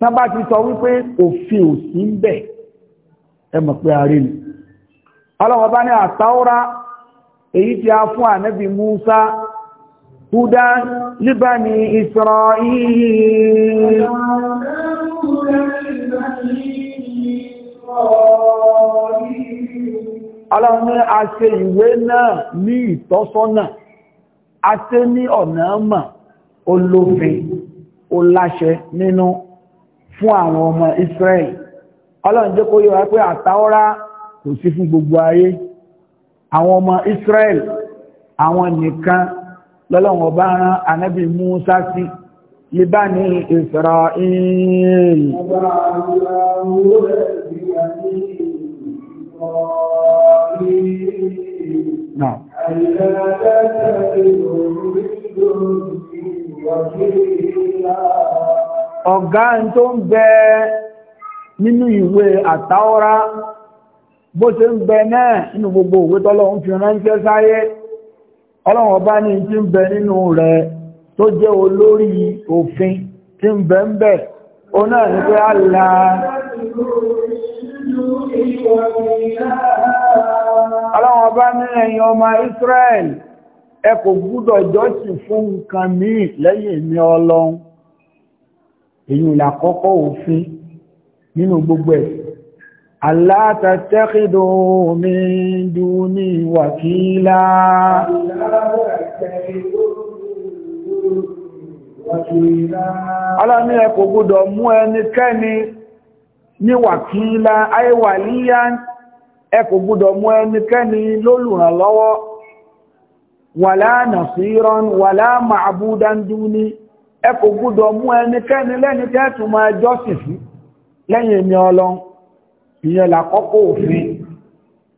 tán bá ti sọ wípé òfin ò sí ń ẹmọ̀ pé àrí ni ọlọ́wọ́ bá ní àtàúrá èyí tí a fún ànábì Musa húdá líbá ní Isra'il ọlọ́wọ́ ní a ṣe ìwé náà ní ìtọ́sọ́nà a ṣe ní ọ̀nà mà olófin oláṣẹ nínú fún àwọn ọmọ Israel ọlọ́run jẹ́ kó yé wa pé àtàwọ́rá kò sí fún gbogbo ayé àwọn ọmọ Israel àwọn nìkan lọ́lọ́run ọba rán anábì Musa sí libani Israel Now. Ọ̀gá tó ń bẹ nínú ìwé àtàọ́rá bó ṣe ń bẹ náà nínú gbogbo òwe tọ́lọ́run fi ránṣẹ́ sáyé ọlọ́run ọba ní tí ń bẹ nínú rẹ̀ tó jẹ́ olórí òfin tí ń bẹ ń bẹ ó náà ní pé àlà ọlọ́run Israel ẹ kò gbúdọ̀ jọ́sìn fún nǹkan míì lẹ́yìn mi èyí ìlàkọ́kọ́ òfin nínú gbogbo ẹ̀ Allah tattakhidhu min duni wakila alámi ẹ kò gbọ́dọ̀ mú ẹnikẹ́ni ní wàkílá àìwàlíyá ẹ kò gbọ́dọ̀ mú ẹnikẹ́ni lólùrànlọ́wọ́ wàlá nàṣírán wàlá ma'búdán dúní ẹ kò gbọ́dọ̀ mú ẹnikẹ́ni lẹ́ni tẹ́tù máa jọ́sìn fún lẹ́yìn èmi ọlọ́n ìyẹn làkọ́kọ́ òfin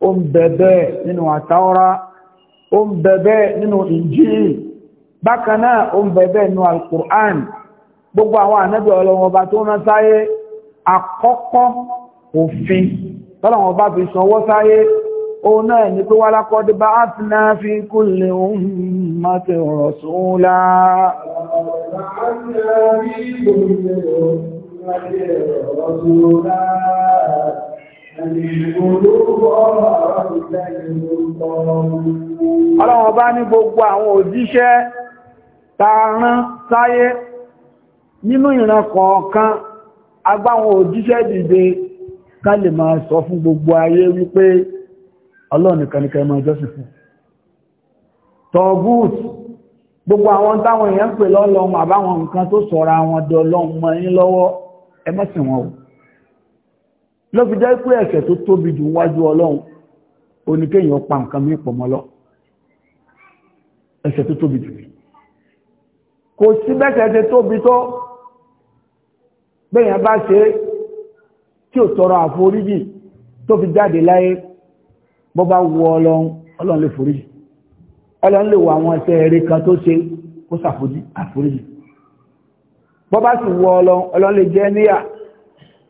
ó ń bẹ bẹ́ẹ̀ nínú àtàwọ́rá ó ń bẹ bẹ́ẹ̀ nínú Injil bákan náà ó ń bẹ nínú Al-Qur'an gbogbo àwọn ànábì ọlọ́wọ́n ọba tó rán sáyé àkọ́kọ́ òfin tọ́lọ̀wọ́n ọba fi sanwó sáyé òun náà ní pé wá lákọ́dé bá átìná fi kulli ummatin rasula Ọlọ́run ọba ní gbogbo àwọn òjíṣẹ́ tààrán sáyé nínú ìran kọ̀ọ̀kan agbáwọn òjíṣẹ́ dìde ká lè máa sọ fún gbogbo ayé wípé Ọlọ́run nìkan ni ká fún. Tọ̀gúùtù gbogbo àwọn táwọn èèyàn pè lọ́lọ́run àbáwọn nǹkan tó sọ̀rọ̀ ẹ má sìn wọn o ló fi jẹ́ pé ẹ̀ṣẹ̀ tó tóbi jù wájú ọlọ́run ó ní kéèyàn pa nǹkan mí pọ̀ mọ́ lọ ẹ̀ṣẹ̀ tó tóbi jù kò sí bẹ́sẹ̀ ṣe tóbi tó bẹ́yàn bá ṣe tí ò tọrọ àforíjì tó fi jáde láyé bọ́ bá wọ ọlọ́run ọlọ́run lè foríjì ọlọ́run lè wọ àwọn ẹ̀ṣẹ̀ eré kan tó ṣe kó ṣàforíjì bọ́ bá sì wọ ọlọ́run lè jẹ́ níyà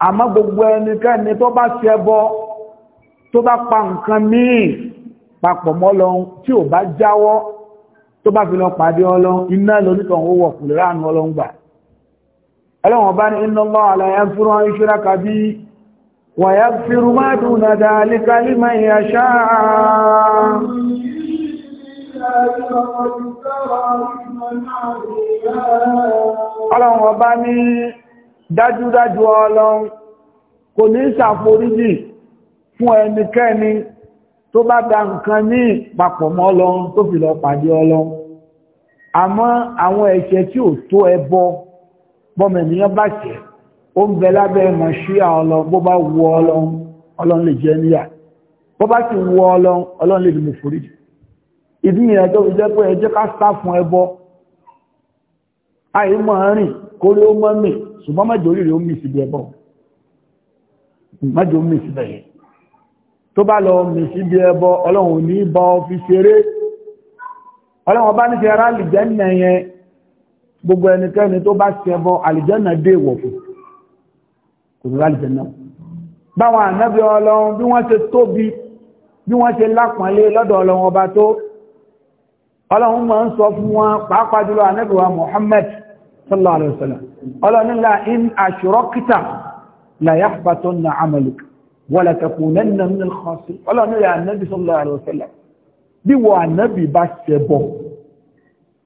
àmọ́ gbogbo ẹnikẹ́ni tó bá ṣẹbọ tó bá pa nǹkan míì papọ̀ mọ́ ọlọ́run tí ò bá jáwọ́ tó bá fi lọ pàdé ọlọ́run iná lónítàn ó wọ̀ kùlẹ̀ ránu ọlọ́run gbà ọlọ́run ọlọ́run ọba ní dájúdájú ọlọ́run kò ní ṣàforíjì fún ẹnikẹ́ni tó bá da nǹkan ní papọ̀ mọ́ ọlọ́run tó fi lọ pàdé ọlọ́run àmọ́ àwọn ẹ̀ṣẹ̀ tí ò tó ẹbọ bọ́mọ ènìyàn bá ṣẹ̀ ó ń bẹ lábẹ́ mọ̀ṣíà ọlọ́run bó bá wu ọlọ́run ọlọ́run lè jẹ níyà bó bá sì wu ọlọ́run ọlọ́run lè dìbò foríjì ìdí nìyẹn tó fi ká sá fún ẹbọ àì mọ́ rìn kórí ó mọ́ mì ṣùgbọ́n mẹ́jọ orí rẹ̀ ó mì síbi ẹbọ mẹ́jọ mì síbẹ̀ yẹn tó bá lọ mì síbi ẹbọ ọlọ́run ní bá ọ fi ṣeré ọlọ́run bá ní fi ara àlìjẹ́nà yẹn gbogbo ẹnikẹ́ni tó bá ṣe ẹbọ àlìjẹ́nà dé ìwọ̀fù kò ọlọ́run máa ń sọ fún wọn pàápàá jùlọ ànábì wa Muhammad sallallahu alaihi wasallam ọlọ́nìlá in ashrakta la yahbatanna amaluk wa la takunanna min al-khasirin ọlọ́nìlá anábì sallallahu alaihi wasallam bí wọ anábì bá ṣẹbọ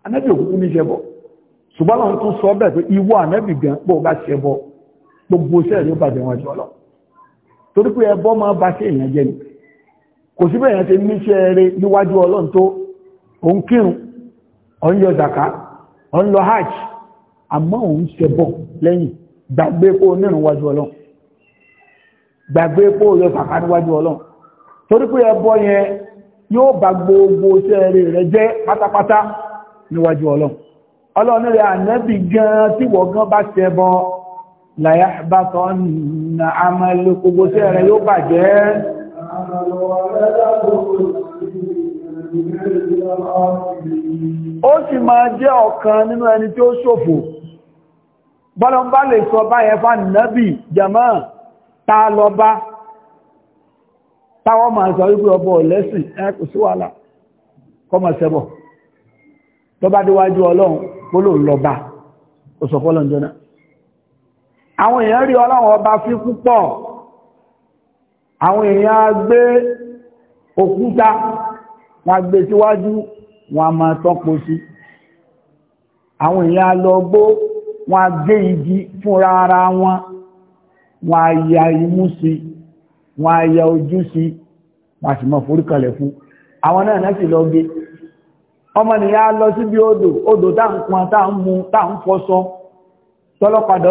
anábì òkúkú ní ṣẹbọ ṣùgbọ́n lọ́n tún sọ bẹ́ẹ̀ pé ìwọ anábì gan pọ̀ bá ṣẹbọ gbogbo iṣẹ́ rẹ̀ bàjẹ́ wọn jọ àmọ́ òun ṣe bọ̀ lẹ́yìn gbàgbé pé onírun wájú ọlọ́run gbàgbé pé ó yẹ kàkà níwájú ọlọ́run torí pé ẹbọ yẹn yóò bá gbogbo iṣẹ́ rẹ̀ jẹ́ pátápátá níwájú ọlọ́run ọlọ́run rẹ̀ ànẹ́bì gan tí wọ́n gan bá ṣe ó sì máa jẹ́ ọ̀kan nínú ẹni tí ó ṣòfò bọ́lọ̀ bá lè sọ bá ẹfà nàbì jàmá ta lọ bá táwọn máa sọ wípé ọbọ̀ lẹ́sìn ẹkù sí wàhálà kọmọ̀ sẹ́bọ̀ tó bá díwájú ọlọ́run kólò lọ bá òsọ̀fọ́lọ̀ jọna àwọn èèyàn rí ọlọ́run ọba fi púpọ̀ àwọn èèyàn òkúta wọn gbé síwájú wọn a tọ́pọ̀ sí àwọn èèyàn lọ gbó wọ́n á gbé igi fúnra ara wọn wọ́n á ya imú sí wọ́n á ya ojú sí wọ́n á sì mọ̀ foríkalẹ̀ fún àwọn náà náà sì lọ gbé ọmọ nìyà lọ síbi odò odò tá ń pọn tá ń mu tá ń fọṣọ tọ́lọ́padà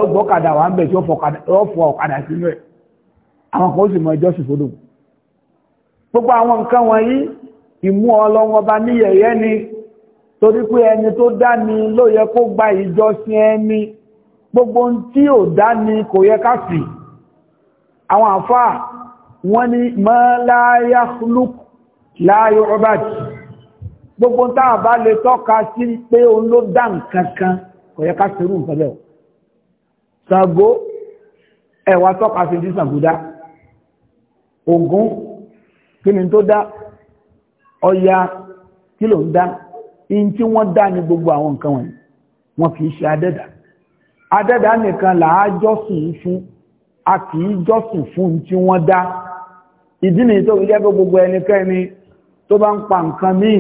ó wà ń bẹ̀ tí ó fọ ọ̀kadà sínú ẹ̀ àwọn kan ó sì mọ ẹjọ́ sì fọdọ̀ gbogbo àwọn nǹkan wọ̀nyí ìmú ọlọ́wọ́ bá ni torí pé ẹni tó dá ni ló yẹ kó gba ìjọsìn ẹni gbogbo ohun tí ò dá ni kò yẹ ká sì àwọn àfáà wọ́n ní mọ́ láyá lúk láyọ̀ robert gbogbo ohun táà bá lè tọ́ka sí pé òun ló dá nǹkan kan kò yẹ ká sírù nǹkan bẹ́ẹ̀ Ṣàngó ẹ̀wà tọ́ka sí ti Ṣàngó dá kí ni tó dá Ọya kí ló ń dá in tí wọ́n dá ní gbogbo àwọn nǹkan wọ̀nyí wọn kì í ṣe adẹ́dà adẹ́dà nìkan làá jọ́sìn fún a kì í jọ́sìn fún tí wọ́n dá ìdí nìyí tó fi jẹ́ pé gbogbo ẹnikẹ́ni tó bá ń pa nǹkan míì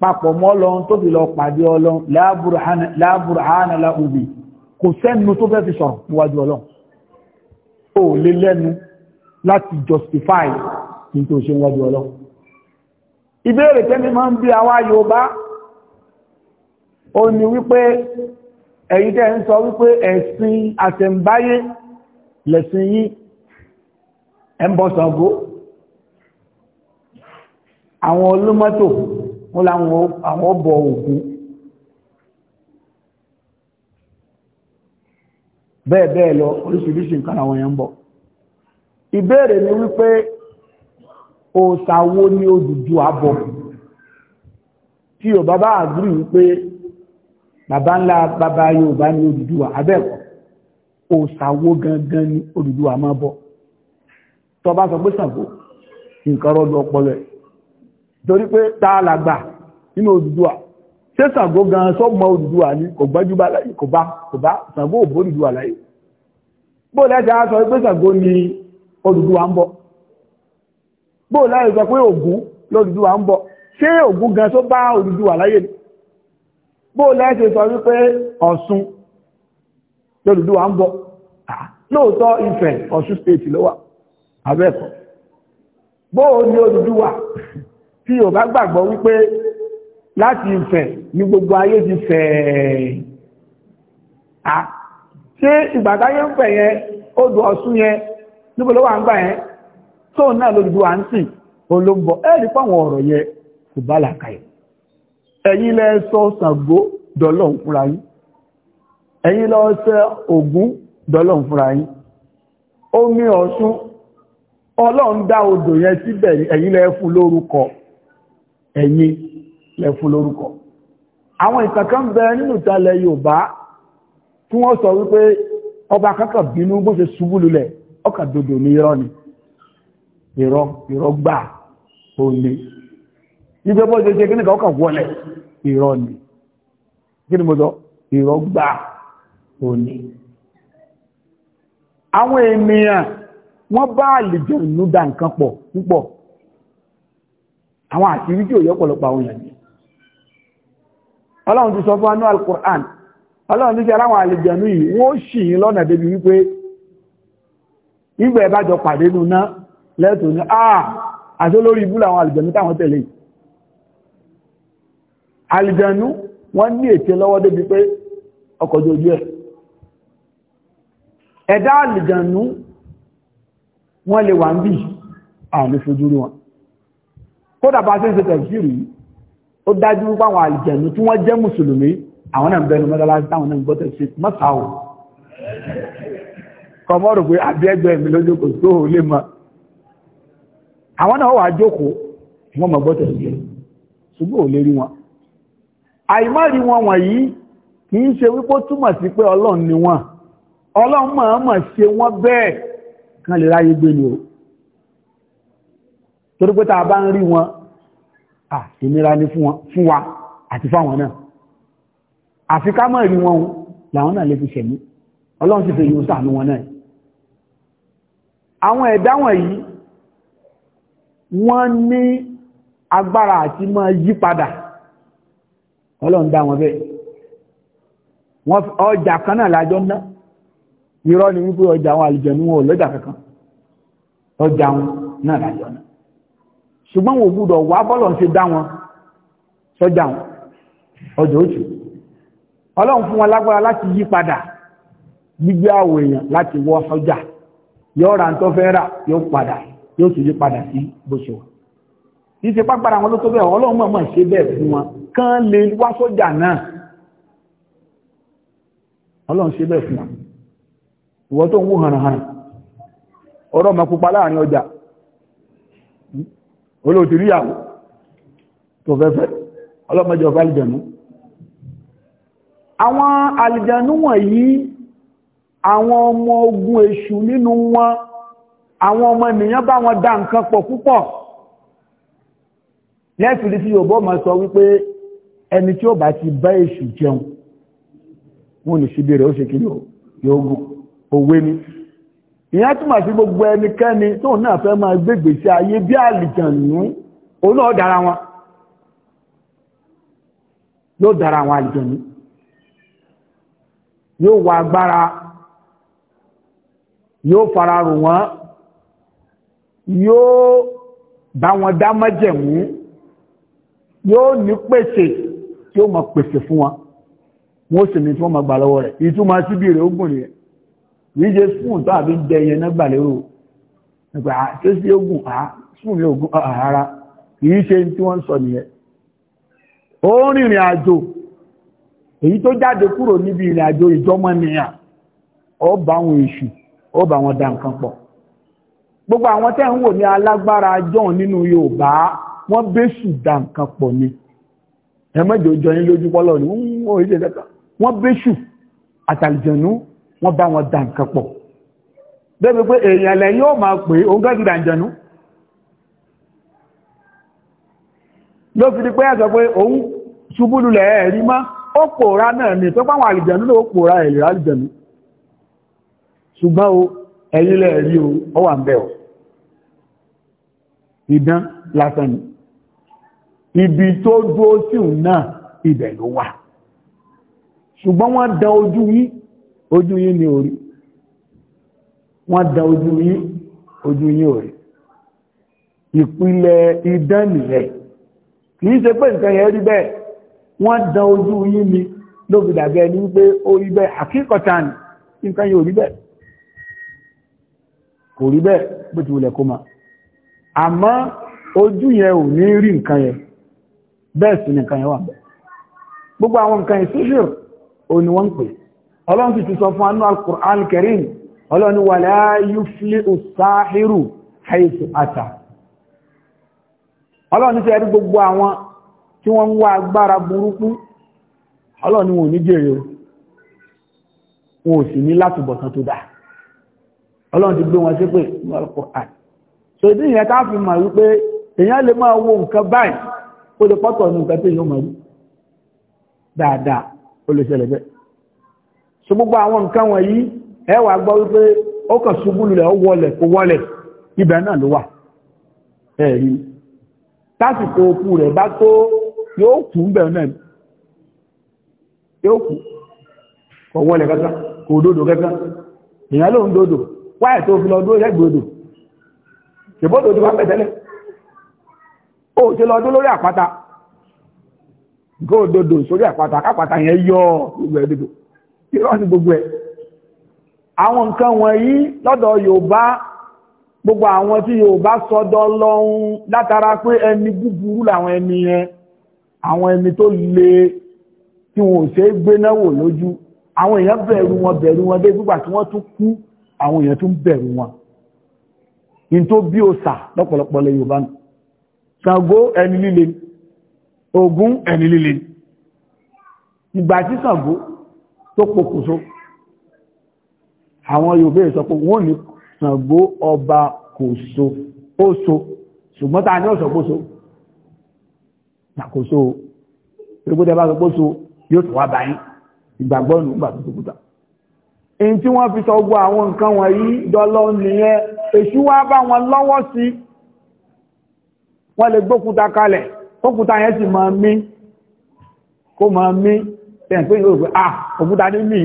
papọ̀ mọ́ Ọlọ́run tó fi lọ pàdé Ọlọ́run la burhana lahu bihi kò sẹ́nu tó fẹ́ fi sọ̀rọ̀ níwájú Ọlọ́run ó lè lẹ́nu láti justify ní tó ṣe níwájú Ọlọ́run ìbéèrè tẹ́mi máa ń bí àwa Yorùbá ó ní wípé ẹ̀yin tẹ́ ń sọ wípé ẹ̀sìn àtẹ̀mbáyé lẹ̀sìn yín ẹ̀mbọ̀sọ̀gbó àwọn olómọ́tò wọ́n láwọn ọbọ̀ ògún bẹ́ẹ̀ bẹ́ẹ̀ lọ oríṣiríṣi nǹkan àwọn èèyàn ń bọ̀ ìbéèrè ni wípé òòṣà wo ni Odùduwà bọ tí ò bá bá àgírí wípé bàbá ńlá bàbá Yorùbá ní Odùduwà abẹ́ẹ̀kọ́ òòṣàwó gangan ní Odùduwà máa bọ̀ tó bá sọ pé Ṣàngó nǹkan rọ́dọ̀ ọpọlọ ẹ̀ torí pé tá a làgbà nínú Odùduwà ṣé Ṣàngó gan sọ́gbọ́n Odùduwà ní kò gbájúbá láyé kò bá kò bá Ṣàngó òbó Odùduwà láyé bó lẹ́sẹ̀ á sọ pé Ṣàngó ní Odùduwà ń bọ̀ bó lẹ́sẹ̀ sọ pé Ògún lódùduwà ń bọ̀ ṣé Ògún gan só bá Odùduwà láyé ni bó lẹ́ẹ̀ṣẹ̀ sọ wípé ọ̀ṣun lórúdú wa ń bọ̀ lóòótọ́ Ifẹ̀ ọ̀ṣun state ló wà abẹ́ẹ̀kọ́ bó ní olùdú wa tí ò bá gbàgbọ́ wípé láti Ifẹ̀ ní gbogbo ayé ti fẹ̀ à ṣé ìgbàdáyé ń fẹ̀ yẹn odò ọ̀ṣun yẹn níbo ló wà ń gbà yẹn tóun náà lórúdú wa ń sìn olóńbọ̀ ẹ̀rí fáwọn ọ̀rọ̀ yẹn kò bá làkàyè ẹ̀yin lẹ sọ Ṣàngó dọ́lọ́hun fúnra yín ẹ̀yin lọ sẹ Ògún dọ́lọ́hun fúnra yín omi Ọ̀ṣun Ọlọ́run dá odò yẹn síbẹ̀ ẹ̀yin lẹ fún lórúkọ ẹ̀yin lẹ fún lórúkọ àwọn ìkankan bẹ nínú ìtàlẹ̀ Yorùbá tí wọ́n sọ wípé ọba kankan bínú bó ṣe ṣubú lulẹ̀ ọkà dodo ní irọ́ ni irọ́ irọ́ gbà ó ní ìgbẹ́ bọ́ ṣe kí nìkan ọkàn wọlẹ̀ ìrọ̀ ni kí ni mo sọ ìrọ̀ gbà òní àwọn ènìyàn wọ́n bá àlejò ìlú dá nǹkan pọ̀ púpọ̀ àwọn àṣírí tí ò yẹ pọ̀lọpọ̀ àwọn èèyàn yìí ọlọ́run ti sọ fún anú al-Qur'an ọlọ́run ti ṣe aláwọn àlejò ìlú yìí wọ́n ah, tẹ̀lé yìí alìjẹnú wọ́n ní ètè lọ́wọ́ débi pé ọkọ̀jọ́ ojú ẹ̀ ẹ̀dá alìjẹnú wọ́n lè wà ń bí àmì fojú rí wọn kódà bá tí ń ṣe tẹ̀síìrì ó dájú wípé àwọn alìjẹnú tí wọ́n jẹ́ mùsùlùmí àwọn náà bẹnu mọ́tàlásí táwọn náà gbọ́tẹ̀ sí mọ́sàáwò àìmọ́rí wọn wọ̀nyí kì í ṣe wípó túmọ̀ sí pé ọlọ́run ni wọ́n ọlọ́run mọ̀ọ́mọ̀ ṣe wọ́n bẹ́ẹ̀ kan lè ráyé gbé ni o torí pé tá bá ń rí wọn à ìnira ni fún wa àti fáwọn náà àfi ká mọ̀ rí wọn làwọn náà lè fi ṣẹ̀mí ọlọ́run sì fi yóò sàánú wọn náà àwọn ẹ̀dá wọ̀nyí wọ́n ní agbára àti máa yí padà ọlọ́run dá wọn bẹ́ẹ̀ wọ́n ọjà kan náà lájọ́ ná irọ́ ni wípé ọjà àwọn àlùjẹ̀nú wọn ò kankan ọjà wọn náà lájọ́ náà. ṣùgbọ́n wọn gbúdọ̀ wá bọ́lọ̀ ń ṣe dá wọn sọ́jà wọn ọlọ́run fún wọn lágbára rà yóò padà yóò sì yí padà sí bó kìí ṣe pápára wọn ló tó bẹ́ẹ̀ ọlọ́run mọ̀ mọ̀ ṣe bẹ́ẹ̀ fún wọn kán lè wá sójà náà ọlọ́run ṣe bẹ́ẹ̀ fún wọn ìwọ́n tó ń wó hànàhàn ọ̀rọ̀ ọmọ pupa láàrin ọjà olóòtìríyàwó tó fẹ́fẹ́ ọlọ́mọjọ alìjẹ̀nú àwọn alìjẹ̀nú wọ̀nyí àwọn ọmọ ogun èṣù nínú wọn àwọn ọmọ ènìyàn bá wọn dá nǹkan pọ̀ púpọ̀ lẹ́fìrí sí yóò bọ́ ma sọ wípé ẹni tí ó bá ti bá èṣù jẹun wọn lè ṣíbi rẹ̀ ó ṣe kí yóò gùn òwe ni ìyẹn túmọ̀ sí gbogbo ẹnikẹ́ni tóun náà fẹ́ máa gbégbè sí ayé bí àlìjànú òun náà dára wọn yóò dára àwọn àlìjànú yóò wà agbára yóò fara rò wọ́n yóò bá wọn dá májẹ̀mú yóò ní pèsè tí ó ma pèsè fún wa wọ́n sì ní tí wọ́n máa gbà lọ́wọ́ rẹ̀ síbí rẹ̀ ogun rẹ̀ níje spoon jẹ ah, sí ogun àá ah, spoon ogun ààrá ah, kìí ṣe tí wọ́n sọ nìyẹn ó rìnrìn àjò èyí tó jáde kúrò níbi ìrìn àjò bá wọn èṣù bá wọn nǹkan gbogbo àwọn tẹ́ ń wò ní alágbára nínú wọ́n bẹ́sù dà nǹkan pọ̀ ni ẹ̀mọ́jọ jọ yín lójú pọ́lọ́ ni wọ́n ìṣẹ́ dẹ́ta wọ́n bẹ́sù àtàlìjẹ̀nú wọ́n bá wọn dà nǹkan pọ̀ débi pé èèyàn lẹ́yìn ó máa pè ó ń gẹ́gì dàǹjẹ̀nú ló fi di pé ẹ̀sọ̀ pé òun ṣubú lulẹ̀ ẹ̀rí mọ́ ó pòórá náà ni tó pàwọn àlìjẹ̀nú ló pòórá ẹ̀rí àlìjẹ̀nú ṣùgbọ́n o ẹ̀yìn lẹ́ẹ̀rí o ó wà ń bẹ̀ ọ̀ ìdán lásán ni ibi tó dúró sí náà ibẹ̀ ló wà ṣùgbọ́n wọ́n da ojú yí, ojú yí ni orí wọ́n da ojú yí, ojú yí orí ìpínlẹ̀ idán nìyẹn kìí ṣe pé nǹkan yẹn rí bẹ́ẹ̀ wọ́n da ojú ni dàbí ẹni wípé àkíkọ̀tà ni nǹkan yóò rí bẹ́ẹ̀ kò rí bẹ́ẹ̀ bó ti ma àmọ́ ojú yẹn ò ní rí nǹkan bẹ́ẹ̀ sì nìkan yẹn wà bẹ́ẹ̀ gbogbo àwọn nǹkan ìsúṣìr òní wọ́n ń pè ọlọ́run ti sọ fún anú al-Qur'an al-Karim ọlọ́run ni wala yuflihu sáhírù haythu ata ọlọ́run ti rí gbogbo àwọn tí wọ́n ń wá agbára burúkú ọlọ́run ni wọn ò ní jèrè so ìdí ìyẹn ká fi mọ̀ wípé èèyàn lè ó lè pọ́tọ̀ ní nǹkan tó yóò mọ̀ rí dáadáa lè bẹ́ẹ̀ so gbogbo àwọn nǹkan wọ̀nyí ẹ wá gbọ́ wípé ó kàn ṣubú lulẹ̀ ó wọlẹ̀ kó wọlẹ̀ ibẹ̀ náà ló wà tásìkò òkú rẹ̀ bá tó yóò kú bẹ̀ náà yóò kú wọlẹ̀ kankan kò kankan ó ti lọ dún lórí àpáta góòdòdò sórí àpáta kápáta yẹn yọ gbogbo ẹ̀ dòdò irọ́ sí gbogbo ẹ̀ àwọn nǹkan wọ̀nyí lọ́dọ̀ Yorùbá gbogbo àwọn tí Yorùbá sọ́dọ̀ lọ́hún látara pé ẹni búburú làwọn ẹni yẹn àwọn ẹni tó le tí wọn ò ṣe é gbénáwò lójú àwọn èèyàn bẹ̀rù wọn bẹ̀rù wọn dé gbígbà tí wọ́n tún kú àwọn èèyàn tún bẹ̀rù wọn in tó bí òsà lọ́pọ̀lọpọ̀ lẹ Yorùbá Ṣàngó ẹni líle Ògún ẹni líle ìgbà tí Ṣàngó tó pokùnso àwọn Yorùbá ìsọpọ̀ wọ́n ní Ṣàngó ọba kò so ó so ṣùgbọ́n ta ní ọ̀sọ̀pọ̀so ṣàkóso ìgbótẹ́ bá sọpọ̀so yóò tọ́wà báyìí ìgbàgbọ́nù ìgbà tó tókúta èyí tí wọ́n fi sọ gbọ́ àwọn nǹkan wọ̀nyí dọ́lọ́ nìyẹn èṣù wá bá wọn lọ́wọ́ sí wọ́n lè gbókúta kalẹ̀ kókúta yẹn sì máa mí kó máa mí tẹ́yìn pé yóò fẹ́ à ah, òkúta ní mí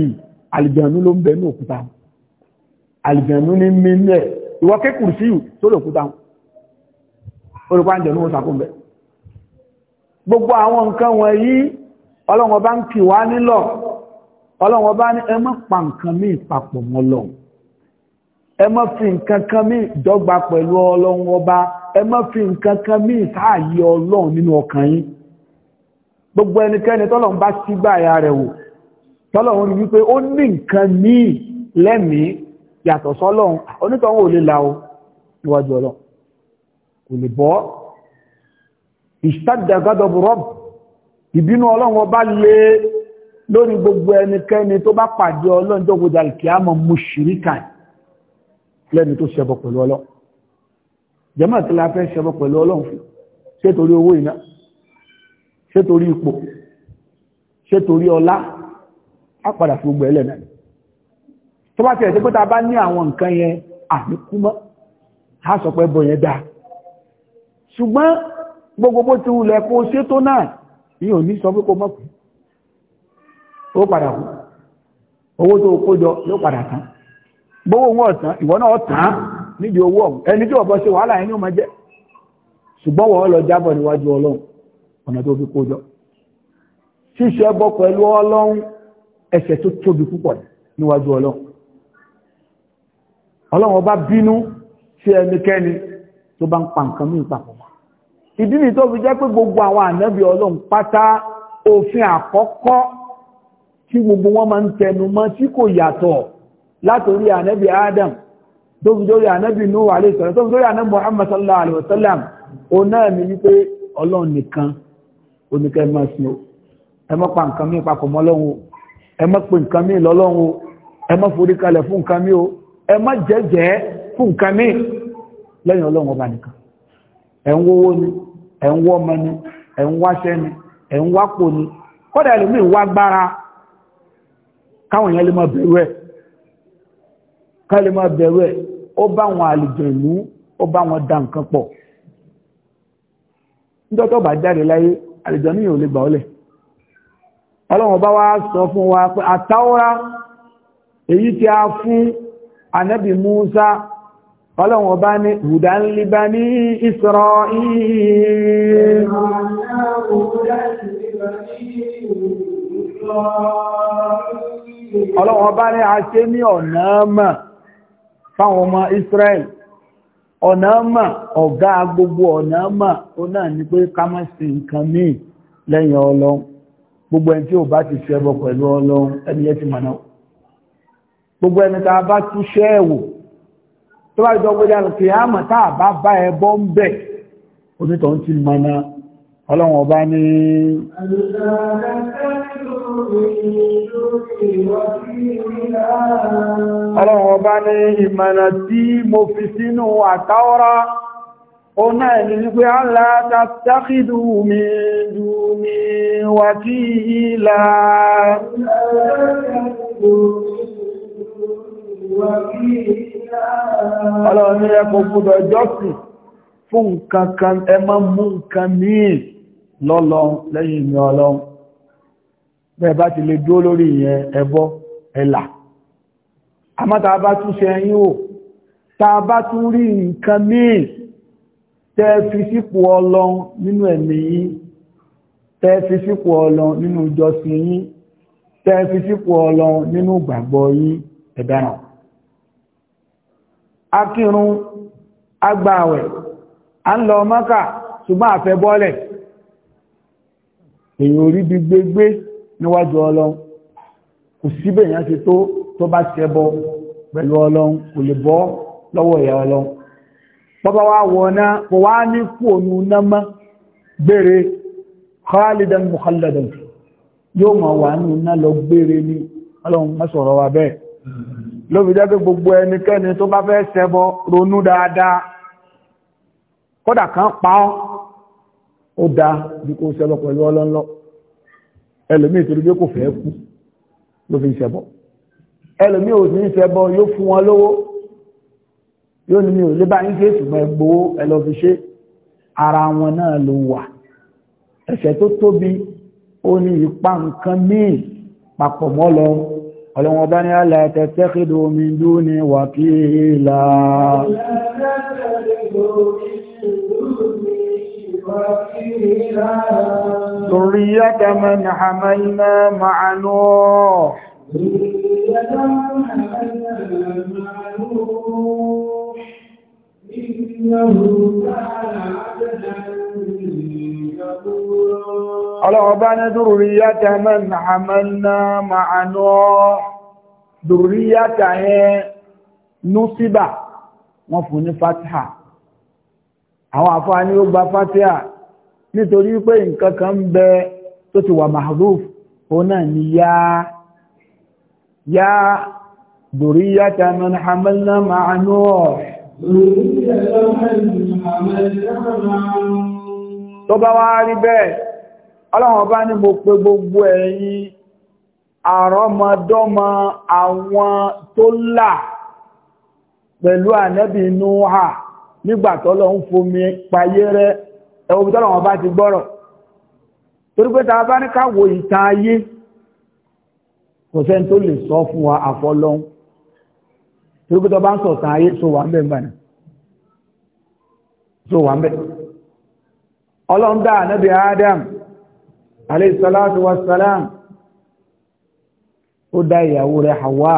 àlìjẹ̀nú ló ń bẹ ní òkúta àlìjẹ̀nú ní mí ní ẹ̀ ìwọ kékùrù sí ìwù tó lè kúta orúkọ àjẹ̀nú ó gbogbo àwọn nǹkan wọn yìí ọlọ́wọ́n bá ń kì wá nílọ̀ ọlọ́wọ́n bá ní ẹ pa nǹkan mí ìpapọ̀ mọ́ lọ́wọ́ ẹ má fi nǹkan kan mí dọ́gba pẹ̀lú ọlọ́run ọba ẹ má fi nǹkan kan mí sáàyè ọlọ́run nínú ọkàn yín gbogbo ẹnikẹ́ni tọ́lọ́run bá sí gbàyà rẹ̀ wò tọ́lọ́run rí wípé ó ní nǹkan míì lẹ́mìí yàtọ̀ sọ́lọ́run onítọ̀hún ò lè la o níwájú ọlọ́run kò lè bọ́ ìṣàdàgádọ́bù rọ́bù ìbínú ọlọ́run ọba lé lórí gbogbo ẹnikẹ́ni tó bá pàdé ọlọ́run jọ́gbọ́dà kìámọ̀ mùṣìríkà yìí lẹ́ni tó ṣẹbọ pẹ̀lú ọlọ́ jẹ́mà tí la fẹ́ ṣẹbọ pẹ̀lú ọlọ́run fún ṣé torí owó iná ṣé torí ipò ṣé torí ọlá á padà fi gbogbo ẹlẹ́ náà tó bá tẹ̀lé pé ta bá ní àwọn nǹkan yẹn àníkúmọ́ á sọ pé bọ̀ yẹn dáa ṣùgbọ́n gbogbo ti wulẹ̀ kó ṣe náà ní òní sọ pé kó mọ́kù ó padà kú owó tó kó jọ ló padà tán gbówó wọn ọ̀tán ìwọ náà ọ̀tán níbi owó ọ̀hún ẹni tí ọ̀bọ̀ ṣe wàhálà ẹni ọmọ jẹ́ ṣùgbọ́n wọ́n lọ jábọ̀ níwájú ọlọ́run ọ̀nà tó fi kó jọ ṣíṣe ẹbọ pẹ̀lú ọlọ́run ẹ̀ṣẹ̀ tó tóbi púpọ̀ níwájú ọlọ́run ọlọ́run ọba bínú sí ẹnikẹ́ni tó bá ń pa nǹkan mí papọ̀ ìdí ni tó fi jẹ́ pé gbogbo àwọn ànábì ọlọ́run pátá òfin àkọ́kọ́ tí gbogbo wọn máa ń tẹnu mọ́ tí kò yàtọ̀ látòrí ànábì adam tó fi dórí ànábì nuhu alayhi salam tó fi dórí ànábì muhammad sallallahu alayhi wa sallam o náà wípé ọlọ́run nìkan oníkẹ́ ẹ máa o ẹ pa nǹkan míì papọ̀ mọ́ ọlọ́run o ẹ má pe nǹkan míì lọ́lọ́run o ẹ má forí kalẹ̀ fún nǹkan míì o ẹ má jẹ́jẹ́ fún nǹkan míì lẹ́yìn ọlọ́run ọba nìkan ẹ̀ ń wówó ni ẹ̀ ń ni ẹ̀ kálí máa bẹ̀rù ẹ̀ ó bá wọn àlùjẹ̀lú ó bá wọn da nǹkan pọ̀ nítorí tó bá jáde láyé àlùjẹ̀lú yìí ò lè gbà ọ́ lẹ̀ ọlọ́run bá wá sọ fún wa pé àtàwọ́rá èyí tí a fún anábì Musa ọlọ́run ọba ní hudan li bani Isra'il ọlọ́run ọba ní a ṣe ní ọ̀nà mọ̀ fáwọn ọmọ Israel ọ̀nà mà ọ̀gá gbogbo ọ̀nà mà ó náà ní pé ká má sí nǹkan míì lẹ́yìn ọlọ́run gbogbo ẹni tí ò bá ti fi ẹbọ pẹ̀lú ọlọ́run ẹni yẹn ti mọ̀ náà gbogbo ẹni tá a bá túṣẹ́ ẹ̀wò tó bá jọ gbogbo ẹni kìí àmọ̀ tá a bá bá ẹbọ ń bẹ̀ onítọ̀ ń ti mọ̀ náà ọlọ́run ọba ní. Ọlọ́run ọba ní ìmọ̀nà tí mo fi sínú àtàwọ́rá, ó náà ní wípé Allah tàtàkìdù mi jù ní wàkílá. Ọlọ́run ní ẹkùn fúdọ̀ jọ́sìn fún nǹkan kan mú nǹkan míì lọ́lọ́ lẹ́yìn mi Ọlọ́run bẹ́ẹ̀ bá ti lè dúó lórí ìyẹn ẹbọ ẹlà àmọ́ta bá tún ṣe ẹyìn ò ta bá tún rí nǹkan míì tẹ́ fi sípò ọlọ́run nínú ẹ̀mí yín tẹ́ fi sípò ọlọ́run nínú ìjọsìn yín tẹ́ fi sípò ọlọ́run nínú ìgbàgbọ́ yín ẹ̀dáràn akírun agbàwẹ̀ a ń lọ mọ́kà ṣùgbọ́n àfẹ́bọ́lẹ̀ èyàn orí bí gbégbé níwájú ọlọ́run kò síbẹ̀ èèyàn ti tó tó bá ṣẹbọ pẹ̀lú ọlọ́run kò lè bọ́ lọ́wọ́ ìyá ọlọ́run bọ́bá wá wọ̀ná kò wá ní fòònù námá gbére khalidan mukhalladan yóò máa wà nù ná lọ gbére ní ọlọ́run mọ́sọ̀rọ̀ wa bẹ́ẹ̀ ẹlòmíì torí pé kò fẹ́ kú ló fi ń ṣẹbọ ẹlòmíì ò sí ń ṣẹbọ yóò fún wọn lówó yóò ní mi ò lé bá ń ṣe ṣùgbọ́n ẹgbowó ẹ lọ fi ṣe ara wọn náà ló wà ẹ̀ṣẹ̀ tó tóbi ó ní ipa nǹkan míì papọ̀ mọ́ lọ ọlọ́wọ́n bá ní alẹ́ tẹ́tẹ́kìdó mi dún ní wàkílá ذرية من حملنا مع نوح Ọlọ́run bá ní dúrúríyàtà mẹ́rin àmẹ́lá máa náà dúrúríyàtà ẹ Núsíbà, wọ́n fún ní Fatiha àwọn àfáà ní ó gba fátíà nítorí pé nǹkan kan ń bẹ tó ti wà mahruf ó náà ni yá yá duriyata man hamalna ma'a Nuh tó bá wá rí bẹ́ẹ̀ ọlọ́wọ́n bá ní mo pè gbogbo ẹ̀yin àrọ́mọdọ́mọ àwọn tó là pẹ̀lú ànábì Nuh nígbà ń fomi payé rẹ ẹwọ́n wọn bá ti gbọ́rọ̀ torí bá ní káwò ìtàn ayé kò sẹ́ni tó lè sọ fún wa bá ń sọ ìtàn ayé so wà ń bẹ̀ ń bà ní so wà ń bẹ̀ Adam ó dá Hawa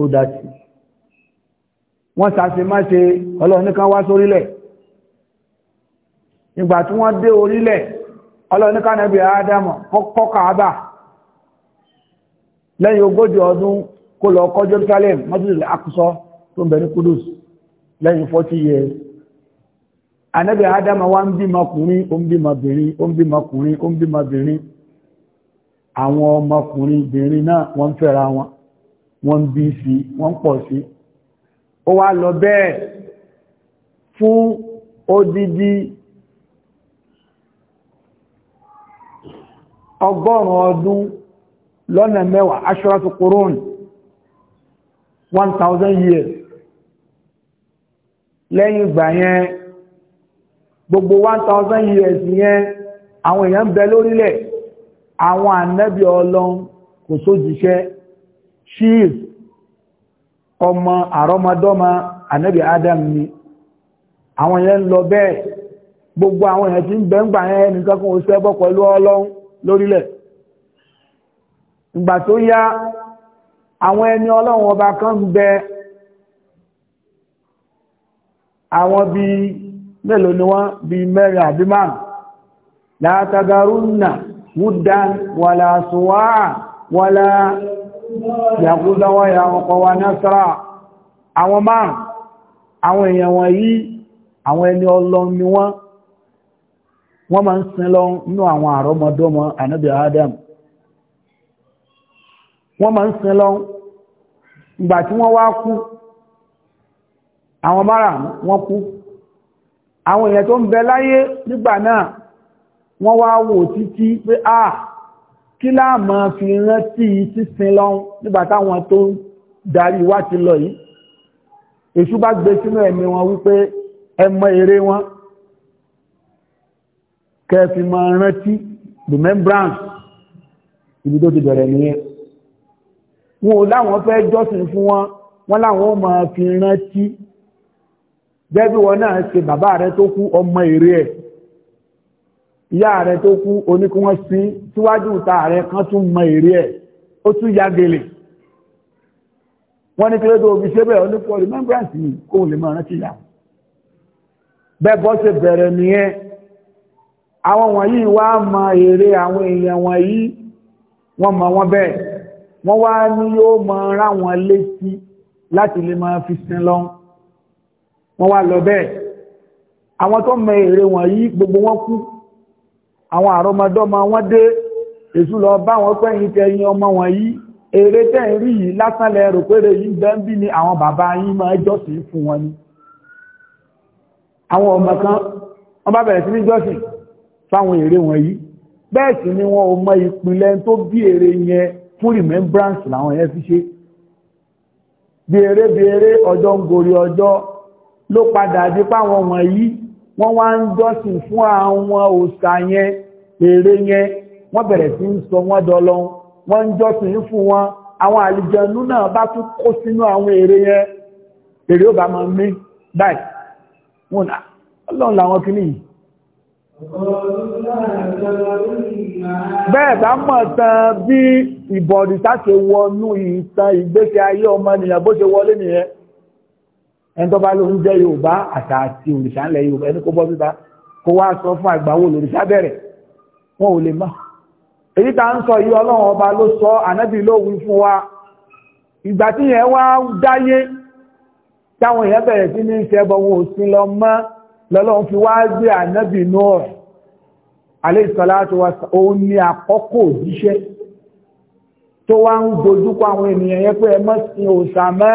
ó dá wọ́n sàṣe má ṣe ọlọ́run nìkan wá sórílẹ̀ ìgbà tí wọ́n dé orílẹ̀ ọlọ́run nìkan nẹ́bí àádámọ̀ kọ́ kàábà lẹ́yìn ogójì ọdún kó lọ kọ́ Jerusalem mọ́sílẹ̀ akúsọ́ tó ń bẹ ní Kudus lẹ́yìn 40 years anẹ́bí àádámọ̀ wá ń bímọkùnrin ó ń bímọbìnrin ó ń bímọkùnrin ó ń bímọbìnrin àwọn ọmọkùnrin bìnrin náà wọ́n fẹ́ra wọn wọ́n bí sí wọ́n pọ̀ sí ó wá lọ bẹ́ẹ̀ fún odidi ọgọ́rùn ọdún lọ́nà mẹ́wàá ashratu qurun 1000 years lẹ́yìn ìgbà yẹn gbogbo 1000 years yẹn àwọn èèyàn bẹ lórílẹ̀ àwọn ànábì ọlọ́run kò sójíṣẹ́ shield ọmọ àrọmọdọ́mọ ànábì adam ni àwọn yẹn ń lọ bẹ́ẹ̀ gbogbo àwọn èèyàn tí ń bẹ ń gbà yẹn nìkan kún oṣẹ́ bọ́ pẹ̀lú ọlọ́run lórílẹ̀ ìgbà tó yá àwọn ẹni ọlọ́run ọba kan bẹ àwọn bíi mélòó ni wọ́n bíi mẹ́rin àbí márùn látàgàrúnà wúdán wàlà wàlà yàkúzáwá yàkọ̀ wa násàrà àwọn márùn àwọn èèyàn wọn yìí àwọn ẹni ọlọ́n ni wọ́n wọ́n máa ń sin lọ nínú àwọn àrọ́mọdọ́mọ ànábì Adam wọ́n máa ń sin lọ ìgbà tí wọ́n wá kú àwọn márùn wọ́n kú àwọn èèyàn tó ń bẹ láyé nígbà náà wọ́n wá wò títí pé ah kí láàmọ́ fi rántí sísin lọ́n nígbà táwọn tó ń darí wá ti lọ yìí èṣù bá gbé sínú ẹ̀mí wọn wípé ẹmọ eré wọn kẹfì mọ rántí remembrance ibi tó ti bẹ̀rẹ̀ nìyẹn wọn ò láwọn fẹ́ jọ́sìn fún wọn wọn láwọn ó máa fi rántí gẹ́gẹ́ bí wọn náà ṣe bàbá rẹ tó kú ọmọ eré ẹ̀ ìyá rẹ̀ tó kú oníkún wọ́n sí síwájú ìta rẹ̀ kan tún mọ èrè ẹ̀ ó tún ya gèlè wọ́n ní kílé tó omi ṣe bẹ́ẹ̀ oníkún remembrance ni kó lè máa rántí ìyá bẹ́ẹ̀ bọ́ ṣe bẹ̀rẹ̀ nìyẹn àwọn wọ̀nyí wá mọ èrè àwọn èèyàn wọ̀nyí wọ́n mọ wọn bẹ́ẹ̀ wọ́n wá ní yóò mọ ráwọn létí láti lè máa fi sin lọ wọ́n wá lọ bẹ́ẹ̀ àwọn tó mọ èrè wọ̀nyí gbogbo wọn kú àwọn àrọmọdọ́mọ wọn dé èṣù lọ bá wọn pẹ́yìn tẹ̀yìn ọmọ wọn yìí èrè tẹ́yìn rí yìí lásán lẹ rò pé rẹ̀ yìí bẹ́ẹ̀ bí ni àwọn bàbá yín máa jọ́sìn fún wọn ni àwọn ọmọ kan wọ́n bá bẹ̀rẹ̀ sí ní jọ́sìn fáwọn èrè wọn yìí bẹ́ẹ̀ sì ni wọn ò mọ ìpìlẹ̀ tó bí èrè yẹn fún remembrance làwọn yẹn fi ṣe bí eré bí eré ọjọ́ ń gorí ọjọ́ ló padà dé wọn yìí wọ́n wá ń jọ́sìn fún àwọn òòṣà yẹn èrè yẹn wọ́n bẹ̀rẹ̀ sí ń sọ wọ́n dọlọ wọ́n ń jọ́sìn fún wọn àwọn àlìjẹnú náà bá tún kó sínú àwọn èrè yẹn èrè ó bá máa mí báyìí wọn ọlọ́run làwọn kìíní yìí bẹ́ẹ̀ bá mọ̀ tán bí ìbọ̀dìsá ṣe wọnú ìtàn ìgbésẹ̀ ayé ọmọ nìyàn bó ṣe wọlé nìyẹn ẹni tó bá ló ń jẹ́ yorùbá àtà àti òrìṣà ńlẹ̀ yorùbá ẹni kó bọ́ síta kó wá sọ fún àgbáwò lòrìṣà bẹ̀rẹ̀ wọn ò lè mọ̀ èyí tá ń sọ yìí ọlọ́run ọba ló sọ ànábì ló wí fún wa ìgbà tí yẹn wá dáyé táwọn èèyàn bẹ̀rẹ̀ sí ní ṣẹbọ wọn ò sí lọ mọ́ lọ́lọ́run fi wá gbé ànábì náà alayhi salatu wa sallam òun ni àkọ́kọ́ òjíṣẹ́ tó wá ń dojúkọ àwọn ènìyàn yẹn pé ẹ má sin òòṣà mọ́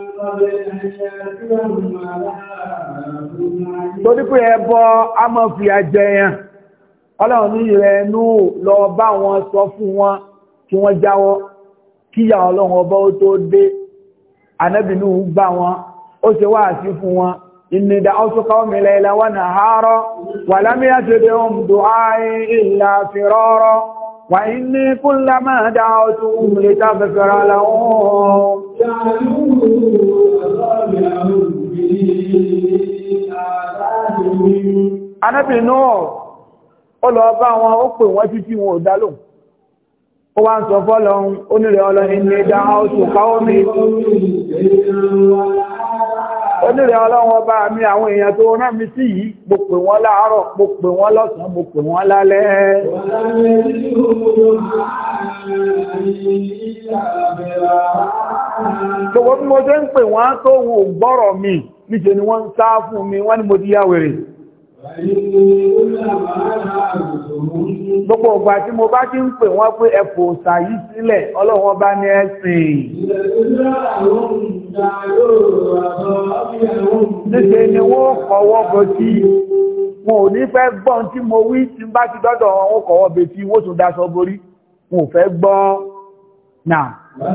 torí pé ẹbọ
a máa fi àjẹ yẹn ọlọ́run ní rẹ̀ nú lọ bá wọn sọ fún wọn kí wọ́n jáwọ́ kíyà ọlọ́run ọba ó tó dé anẹ́bìnú gbà wọn ó ṣe wá àti fún wọn ìnìdá ọ́sọ́kọ́ mìlẹ̀ ilẹ̀ wọn nà àárọ̀ wà lámíyà Anábì náà, ó lọ bá wọn ó pè wọ́n títí wọn ò dá lóhùn. Ó wá ń sọ fọ́lọ́un, ó nílẹ̀ ọlọ́rin ní dáa ó tò káwọ́ mi onírẹ̀ ọlọ́run ọba mi àwọn èèyàn tó rán mi sí yìí mo pè wọ́n láàárọ̀ mo pè wọ́n lọ́sàn mo pè wọ́n lálẹ́ ṣòwò mo ṣe ń pè wọ́n tó ohun ògbọ́rọ̀ mi níṣe ni wọ́n ń sá fún mi wọ́n ni mo ti yá Gbogbo ọgbà tí mo bá ti ń pè wọ́n pé ẹ̀fò òsà yìí sílẹ̀, ọlọ́run bá ní ẹ̀sìn.
Níṣe ni wọ́n
kọ̀wọ́ bọ̀ sí, wọn ò ní fẹ́ gbọ́n tí mo wí tí bá ti dọ́dọ̀ wọn kọ̀wọ́ bẹ̀ sí, wọ́n tún daṣọ borí, wọn ò fẹ́ gbọ́n náà. Wa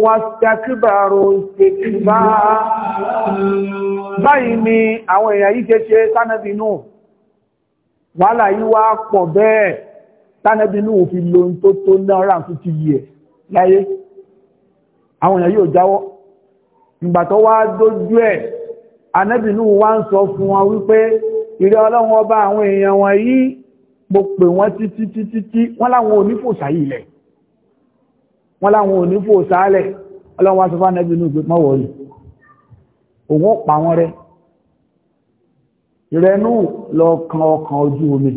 واستكبروا استكبارا báyìí ni àwọn èèyàn yìí kéṣe tánàbínú wàhálà yìí wá pọ̀ bẹ́ẹ̀ tánàbínú fi lo ń tó tó náírà tó ti yẹ láyé àwọn èèyàn yóò jáwọ́ ìgbà tó wá dójú ẹ̀ anẹ́bínú wá ń sọ fún wọn wípé ìrẹ́ ọlọ́run ọba àwọn èèyàn wọ̀nyí mo pè wọ́n títí títí tí wọ́n láwọn onífòsà yìí lẹ̀ wọ́n láwọn onífòsà lẹ̀ ọlọ́wọ́n aṣọ fún ẹbí inú ìgbé mọ́wọ́ yìí òun pa wọ́n rẹ́ ìrẹ́nú lọ kan ọkàn ojú omi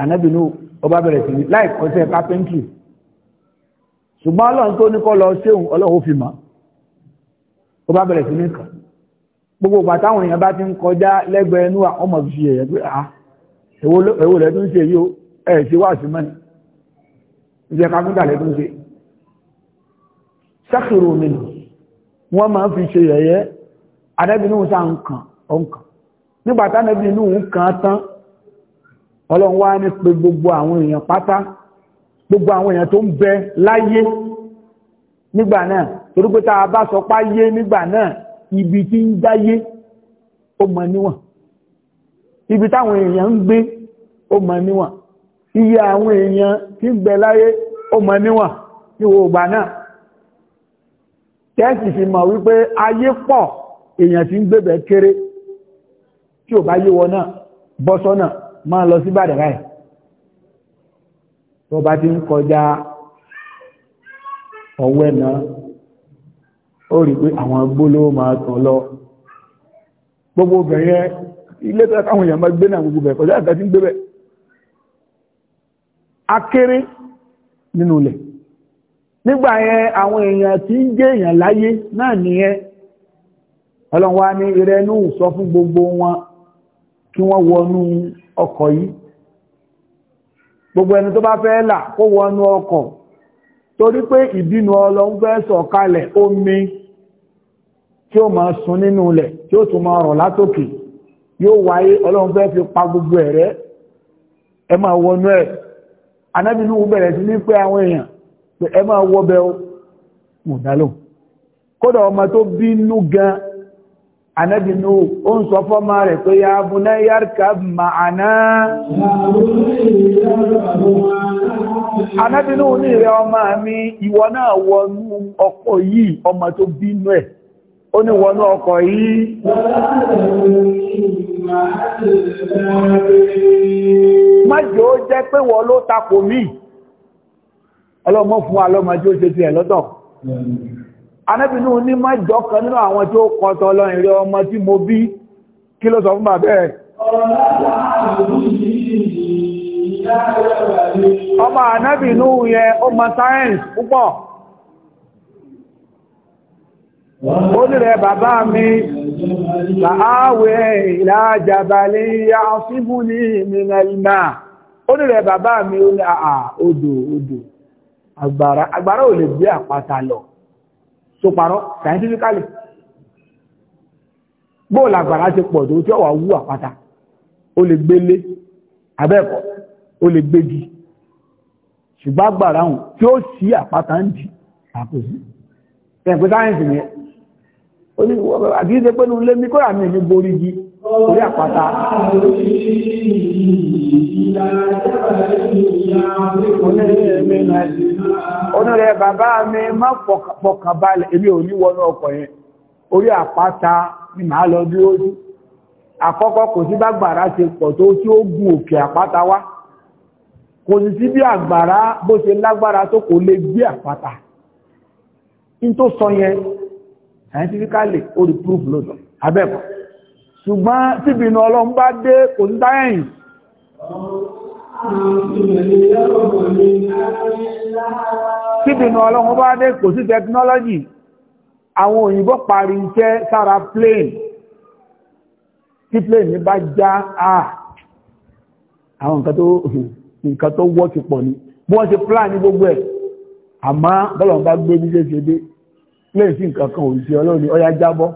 ànábìnú ọba bẹ̀rẹ̀ sí láì kọsẹ̀ kápẹ́ńtì ṣùgbọ́n ọlọ́run tó ní kọ́ lọ ṣéun ọlọ́run ó fi mọ́ ọba bẹ̀rẹ̀ sí ní kàn gbogbo bàtà àwọn èèyàn bá ti ń kọjá lẹ́gbẹ̀ẹ́ inú ọmọ fi ẹ̀yẹ pé à ah, èwo lẹ́ tún ṣe yóò ẹ̀ ṣe wà sí mẹ́rin ìjẹ́ kákúntà lẹ́ tún ṣe sákìrò mi wọ́n máa fi ṣe yẹ̀yẹ́ adẹ́bìnú sáà ń kàn ọ̀nkàn nígbà tánẹ́bìnú ń kàn tán ibi tí ń dáyé ó mọ níwọ̀n ibi táwọn èèyàn ń gbé ó mọ níwọ̀n iye àwọn èèyàn tí ń bẹ láyé ó mọ níwọ̀n ní ògbà náà tẹ́ẹ̀sì fi mọ̀ wípé ayé pọ̀ èèyàn tí ń gbébẹ̀ kéré tí ò bá yíwọ náà bọ́sọ́nà máa lọ sí bàdàrà ẹ̀ tó bá ti ń kọjá ọ̀wẹ́ náà ó rí pé àwọn gbóló máa tọ̀ lọ gbogbo obìnrin ilé tó káwọn èèyàn máa gbé náà gbogbo bẹ̀ kọjá àgbà tí ń gbé bẹ̀ akéré nínú ilẹ̀ nígbà yẹn àwọn èèyàn tí ń jẹ́ èèyàn láyé náà nìyẹn ọlọ́wà ní ìrẹnú sọ fún gbogbo wọn kí wọ́n wọnú ọkọ̀ yìí gbogbo ẹni tó bá fẹ́ là kó wọnú ọkọ̀ torí pé ìbínú ọlọ́run fẹ́ sọ̀kalẹ̀ omi tí ó máa sun nínú ilẹ̀ tí ó tún máa rọ̀ látòkè yóò wáyé ọlọ́run fẹ́ fi pa gbogbo ẹ̀ rẹ́ ẹ máa wọnú ẹ̀ anábìnú bẹ̀rẹ̀ sí ní pé àwọn èèyàn pé ẹ máa wọ bẹ ó mọ̀ dálò kódà ọmọ tó bínú gan anábìnú ó ń sọ fọ́mọ rẹ̀ pé ya bunayya rkab ma'ana anábìnú ní ìrẹ ọmọ mi ìwọ náà wọnú yìí ọmọ tó bínú ẹ̀ ó ní wọnú ọkọ̀ yìí májò ó jẹ́ pé wọ́n ló takò mí ọlọ́mọ fún wa lọ́mọ tí ó ṣe ti ẹ̀ lọ́tọ̀ anábìnú ní májò kan nínú àwọn tí ó kọtọ lọ́rin ọmọ tí mo bí kí ló sọ fún bàbẹ́ ẹ̀ ọmọ anábìnú yẹn ó mọ sáyẹ́ǹsì púpọ̀ ó nílẹ̀ bàbá mi láàwẹ̀ ìlàjàbàlẹ̀ àṣíbù ní ìmìnà ìmà ó nílẹ̀ bàbá mi ó ní àà odò odò agbára agbára ò lè gbé àpáta lọ tó parọ́ scientifically bóòlù agbára ti pọ̀ tó tí ó wà wú àpáta ó lè gbélé abẹ́ẹ̀kọ́ ó lè gbégi ṣùgbọ́n agbára hùn tí ó sí àpáta ń di àkóso ẹ̀kú sáyẹ́ǹsì nìyẹn àdíyẹ́ pẹ́lú lé ní kọ́rà mi ní borí jí orí àpáta onírẹ̀ bàbá mi má fọkàn balẹ̀ èmi ò ní wọnú ọkọ̀ yẹn orí àpáta ni màá lọ bí ó rí àkọ́kọ́ kò sí bàgbàrá ṣe pọ̀ tó tí ó gun òkè àpáta wá kò sí sí bí àgbàrá bó ṣe lágbára tó kò lè gbé àpáta ní tó sọ yẹn scientifically ó rí proof lóòtọ́ abẹ́kọ̀ ṣùgbọ́n tíbi inú ọlọ́run bá dé kò ń dáyẹ̀yìn tíbi inú ọlọ́run bá dé kò sí technology àwọn òyìnbó parí iṣẹ́ sára plane tí plane bá já àà àwọn nǹkan tó wọ́ ti pọ̀ ní bí wọ́n ti plan ní gbogbo ẹ̀ àmá bọ́lọ̀ bá gbé bí ṣe ṣe dé lẹ́yìn nǹkan kan òṣìṣẹ́ ọlọ́run ọya jábọ́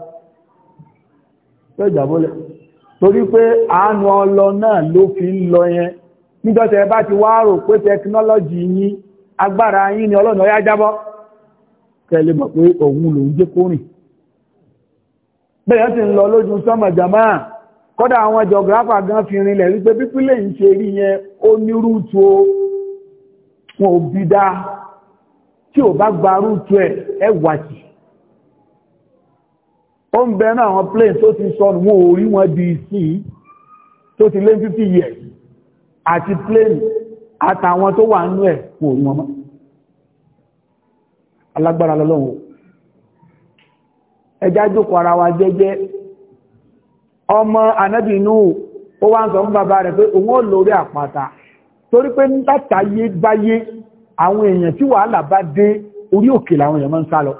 lọ́jàbọ́lẹ̀ torí pé àánú ọlọ náà ló fi ń lọ yẹn nígbọ́tẹ̀ bá ti wá rò pé tẹkinọ́lọ́jì yín agbára yín ni ọlọ́run ọya jábọ́ mọ̀ pé òun lòun jẹ́ bẹ́ẹ̀ sì ń lọ lójú sọ́mọ̀ jàmá kọ́dà àwọn jọ̀gráfà gan fi rinlẹ̀ wípé pípínlẹ̀ ń ṣe rí yẹn ó ní gba ó ń bẹ àwọn plane tó ti sọ wọn ò rí wọn di sí tó ti lé 50 years àti plane àtàwọn tó wà nú ẹ̀ kò rí wọn mọ́ alágbára lọ́lọ́wọ́ ẹjá jókòó ara wa jẹ́jẹ́ ọmọ anábìnú ó wá ń sọ fún bàbá rẹ̀ pé òun ò lórí àpáta torí pé látàyé báyé àwọn èèyàn tí wàhálà bá dé orí òkè làwọn èèyàn máa ń sá lọ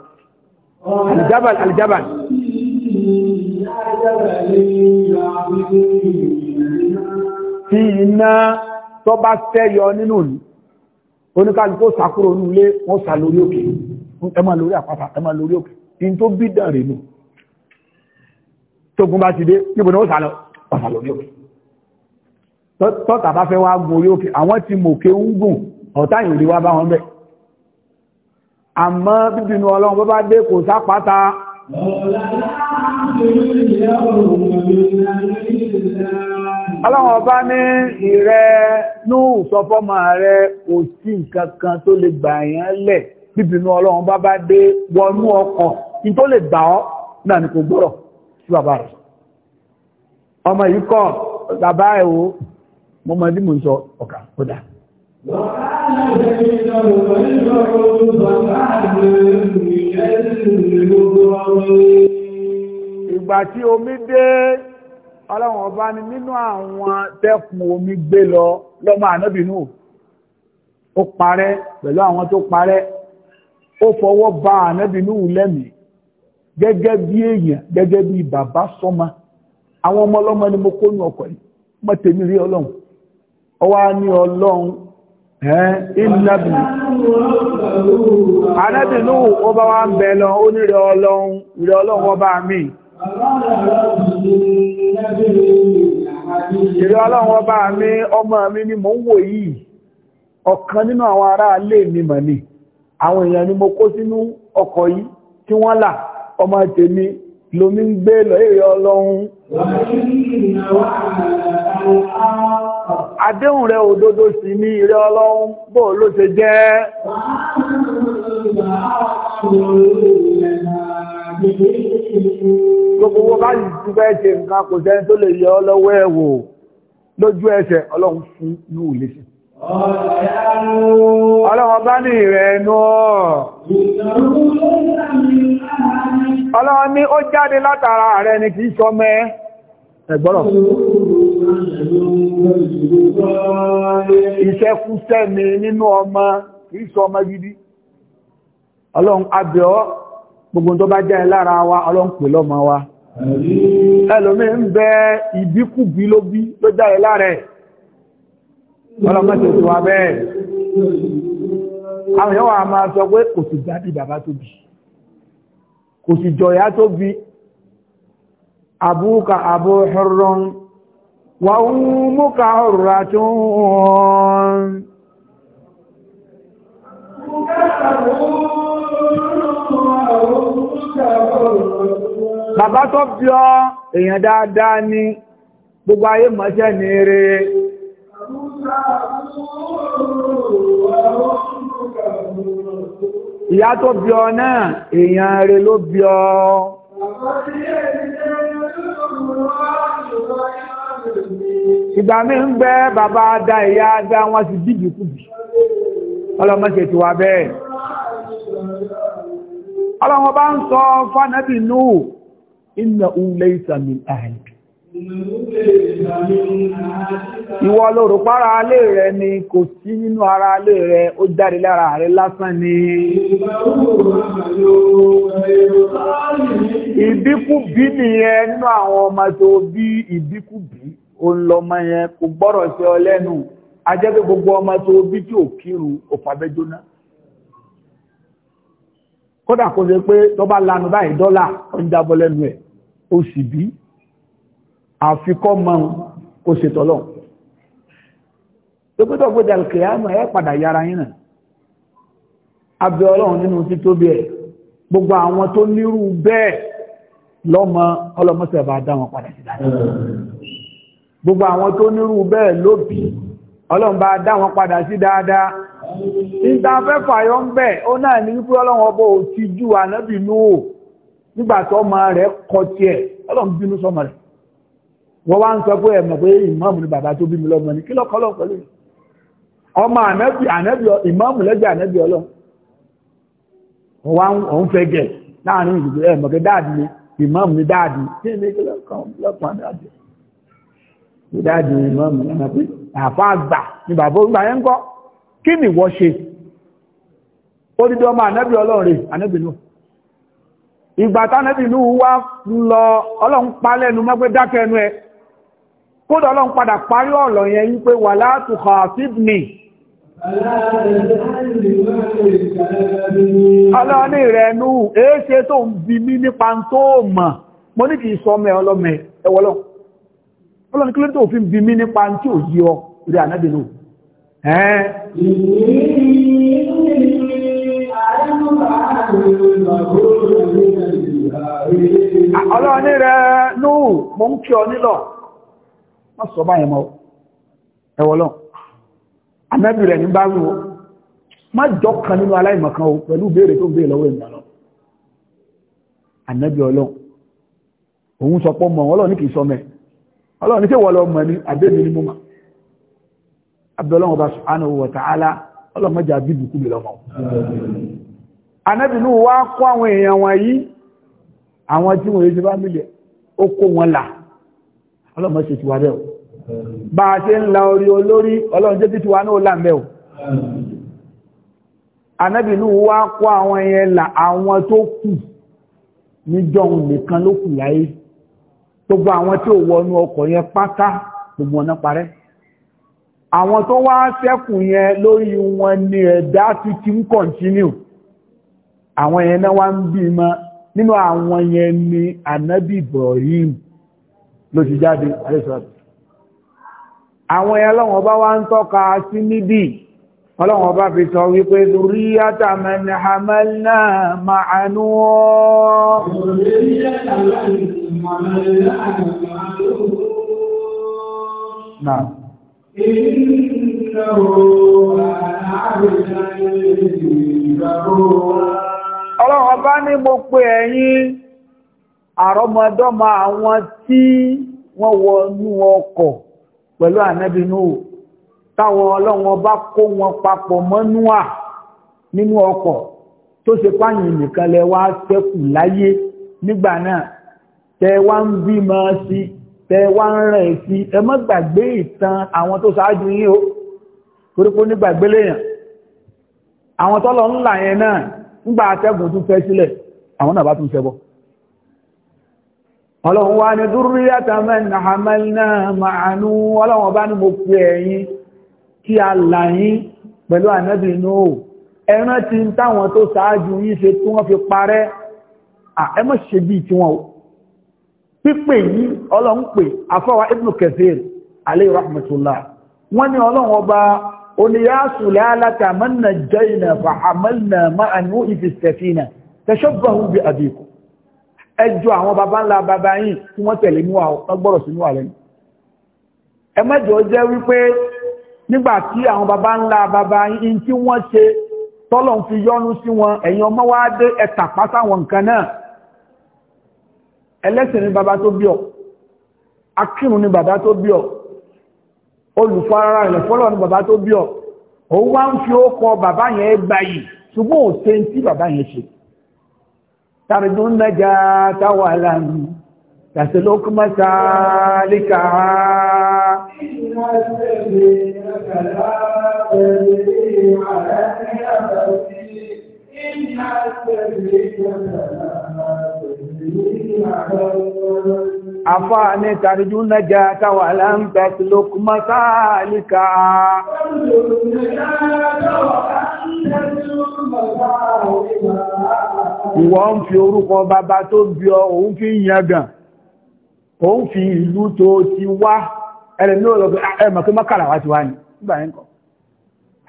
aljabal aljabal Tí iná tó bá tẹ́yọ nínú ìlú, oníkàlùkò sàkúrò ní ilé wọ́n sà lórí òkè, ẹmà lórí àpáta, ẹmà lórí òkè, in tó bí dàrí nù. Tógun bá ti dé, níbo ni ó sà lọ, ọ̀sà lórí òkè. Tọ́ta bá fẹ́ wá gun òkè, àwọn ti mòkè ń gùn, ọ̀tá ìrìnrí wá bá wọn bẹ̀. Ọlọ́run ọba ní ìrẹ́ ní ìsọfọ́mà rẹ kò sí nǹkan kan tó lè gbà yán lẹ̀ bíbinú ọlọ́run bá bá dé wọnú ọkàn kí tó lè gbà ọ́ náà ni kò gbọ́rọ̀ sí bàbá rẹ̀. Ọmọ yìí kọ́ bàbá ẹ̀wò mọ́mọ́dé mò ń sọ ọ̀kà kódà.
Ìgbà
tí omi dé, ọlọ́run ọba ni nínú àwọn tẹ́kùn omi gbé lọ lọ́mọ ànábìnú. Ó parẹ́ pẹ̀lú àwọn tó parẹ́. Ó fọwọ́ ba ànábìnú lẹ́mìí gẹ́gẹ́ bí èèyàn gẹ́gẹ́ bí bàbá sọ́mọ. Àwọn ọmọ ọlọ́mọ ni mo kó ní ọkọ̀ yìí. Mọ́tẹ̀mí rí ọlọ́run. Ọwá ní ọlọ́run
ìlàbì
anábìnú ó bá wa ń bẹ lọ ó ní ọlọ́run ọlọ́run ọba mi
rẹ ọlọ́run ọba mi
ọmọ mi ni mo ń wò yìí ọ̀kan nínú àwọn ará ilé mi mọ̀ ni àwọn èèyàn ni mo kó sínú ọkọ̀ yìí tí wọ́n là ọmọ tèmi lomi ń gbé lọ èrè ọlọ́run àdéhùn rẹ̀ òdodo sí ní ire ọlọ́run bó ló ṣe jẹ́ gbogbo owó bá yìí tí bẹ́ẹ̀ ṣe nǹkan kò sẹ́ni tó lè yọ ọlọ́wọ́ ẹ̀wò lójú ẹsẹ̀ ọlọ́run fún ní òlé Ọlọ́wọ́ bá ní ìrẹ̀ ẹnu ọ̀. Ọlọ́wọ́ ó jáde kìí sọ ẹgbọ́rọ̀. mi nínú gidi. Ọlọ́run abẹ́ gbogbo tó bá jẹ́ lára wa Ọlọ́run pè lọ́mọ wa. Ẹlòmí ń bẹ ló bí ọlọ́mọ́tò tó wá bẹ́ẹ̀ àwọn èèyàn wà máa sọ pé kò sì jáde bàbá tó bí kò sì jọ̀yà tó bí àbúkà àbú hurrun wà ń mú ka ọ̀rọ̀ tó ń bàbá tó bí ọ èèyàn dáadáa ní gbogbo ayé mọ́ṣẹ́ ní eré Ìyá tó bí ọ náà, èèyàn rẹ̀ ló bí ọ. Ìgbà mi ń bẹ́ bàbá dá ìyá dá wọ́n ti dìbì kùbì. Ọlọ́mọ́sẹ̀ ti wà bẹ́ẹ̀. Ọlọ́wọ́ bá ń sọ fánàbì Nuhu, inna laysa min ahlik. Ìwọ lóòrò pára alé rẹ ni kò sí nínú ara alé rẹ, ó jáde lára rẹ lásán ni. Ìbíkúbí nìyẹn nínú àwọn ọmọ tó bí ìbíkúbí, ó ń lọ ọmọ yẹn kò gbọ́rọ̀ sí ọ lẹ́nu, a jẹ́ pé gbogbo ọmọ tó bí tí ò kírù òfàbẹ́ jóná. Kódà kò ṣe pé tó bá lanu báyìí dọ́là, ó ń jábọ́ lẹ́nu ẹ̀, ó sì bí àfikọ́ mọ́ kó ṣe tọ́lọ́ tókútọ̀ gbé dàlùkẹ́ àmọ́ ẹ padà yára yín nà abẹ́ ọlọ́run nínú títóbi ẹ̀ gbogbo àwọn tó nírú bẹ́ẹ̀ lọ́mọ ọlọ́mọsẹ̀ bá dá wọn padà sí dáadáa gbogbo àwọn tó nírú bẹ́ẹ̀ lóbi ọlọ́run bá dá wọn padà sí dáadáa níta fẹ́ fàyọ́ ń bẹ̀ ó náà ní wípé ọlọ́run ọbọ̀ ò ti ju ànábì nú nígbà tó ọmọ rẹ̀ kọ tiẹ̀ ọlọ́run bínú sọmọ rẹ̀ wọ́n wá ń sọ pé ẹ̀mọ̀ pé ìmáàmù ni bàbá tó bí mi lọ́mọ ní kí lọ́kọ́lọ́ pẹ̀lú ọmọ ànẹ́bì ànẹ́bì ìmáàmù lẹ́gbẹ̀ẹ́ ànẹ́bì ọlọ́ wọ́n ń fẹ́ gẹ̀ láàrin ìgbìgbì ẹ̀mọ̀ pé dáàdì ni ìmáàmù ni dáàdì kí ni kí lọ́kàn dáàdì ni dáàdì ni ìmáàmù lọ́mọ pé àfa àgbà ni bàbá ògbà yẹn ń kọ́ kí ni wọ́n ṣe ó dídọ́ ọmọ ànẹ́bì ọlọ́run ànẹ́bì náà ìgbà tánẹ́bì inú wa lọ ọlọ́run pa lẹ́nu mọ́ pé dákẹ́ ẹnu ẹ̀ kódà ọlọ́run padà parí ọ̀lọ̀ yẹn wípé wà látùkọ̀ àfíbìnì ọlọ́ni rẹ̀ nú èéṣe tó ń bí mí nípa tó mọ̀ mọ́ ní kì í sọmẹ́ ọlọ́mẹ́ ẹwọ́lọ́ ọlọ́ni kí ló tó fi bí mí nípa tí ò yí ọ rí ànádìnú ọlọ́ni rẹ̀ nú mọ́ ń kí ọ nílọ̀ wọ́n sọ báyẹn mọ́ ẹwọ́lọ́ ànábì rẹ̀ ní bá rú o má jọ kan nínú aláìmọ̀kan o pẹ̀lú béèrè tó béèrè lọ́wọ́ ìgbà lọ ànábì ọlọ́run òun sọ pọ́ mọ̀ ọlọ́run ní kìí sọ mẹ́ ọlọ́run ní tẹ́wọ́ lọ́mọ ní àbẹ́mi ní mọ́mà abdullahi ọba subhanahu wọn là ọlọ́mọ ṣe ti wà bẹ́ẹ̀ o bá a ṣe ń la orí olórí ọlọ́run jẹ́ títí wa náà là mẹ́ o anábìnú wá kó àwọn yẹn là àwọn tó kù níjọ́un nìkan ló kù láyé gbogbo àwọn tí ò wọnú ọkọ̀ yẹn pátá gbogbo ọ̀nà parẹ́ àwọn tó wá ṣẹ́kù yẹn lórí wọn ni ẹ̀dá ti ti ń kọ̀ntínú àwọn yẹn náà wá ń bímọ nínú àwọn yẹn ni anábì Ibrahim ló ti jáde àríṣọ́lá àwọn ẹlọ́wọ̀n bá wá ń tọ́ka sí níbi ọlọ́wọ̀n bá fi sọ wípé lórí àtàmẹ́ni hamalna ma'anú Ọlọ́run bá ní gbogbo ẹ̀yin àrọ́mọdọ́mọ àwọn tí wọ́n wọnú ọkọ̀ pẹ̀lú ànẹ́bínú táwọn ọlọ́wọ́n bá kó wọn papọ̀ mọ́núà nínú ọkọ̀ tó ṣe páyìn nìkan lẹ wá ṣẹ́kù láyé nígbà náà tẹ wá ń bímọ sí tẹ wá ń rẹ̀ sí ẹ má gbàgbé ìtàn àwọn tó ṣáájú yín o torípó nígbàgbé léèyàn àwọn tọ́lọ ńlá yẹn náà ń gba atẹ́gùn tún fẹ́ sílẹ̀ àwọn náà bá tún ṣẹbọ ọlọ́run wá ní dúrúríyàtà mẹ́rin àmàlìnà màánú ọlọ́run bá ní mo pè ẹ̀yin tí a là yín pẹ̀lú ànábì Nuhu ẹran ti ń táwọn tó ṣáájú yín ṣe tí wọ́n fi parẹ́ ẹ ṣe bíi tiwọn o pípè yìí ọlọ́run pè afọ́wà Ibn Kathir alayhi rahmatullah wọ́n ní ọlọ́run ọba oníyàásù lálátà mẹ́rin jẹ́ ìnà fàhàmẹ́lìnà màánú ìfìsẹ̀fìnà tashabbahu bí àbíkù ẹjọ́ àwọn baba ńlá baba yìí tí wọ́n tẹ̀lé mú àwọn gbọ́rọ̀ sínú ààrẹ ni ẹ mẹ́jọ jẹ́ wípé nígbà àwọn baba ńlá baba yìí tí wọ́n ṣe tọ́lọ̀ ń fi yọ́nú sí wọn ẹ̀yin ọmọ wá dé ẹ̀tàpá sáwọn nǹkan náà ẹlẹ́sìn ni baba tó bí ọ akírun ni baba tó bí ọ olùfarara ìlẹ̀fọ́lọ̀ ni baba tó bí ọ òun wá ń fi ó kọ baba yẹn gbayì ṣùgbọ́n ò ṣe baba yẹn ṣe ترجو النجاة ولن تسلك مسالكها أفاني ترجو النجاة ولم تسلك مسالكها Ìwọ ń fi orúkọ bàbá tó bí ọ, òun fi ń yangàn, òun fi ìlú tó ti wá, ẹ̀rẹ̀ ní ọ̀lọ́gbẹ̀ ah, ẹ̀mọ̀kẹ́ mọ́kànlá wá ti wá ní, nígbà ẹ̀ ń kọ́.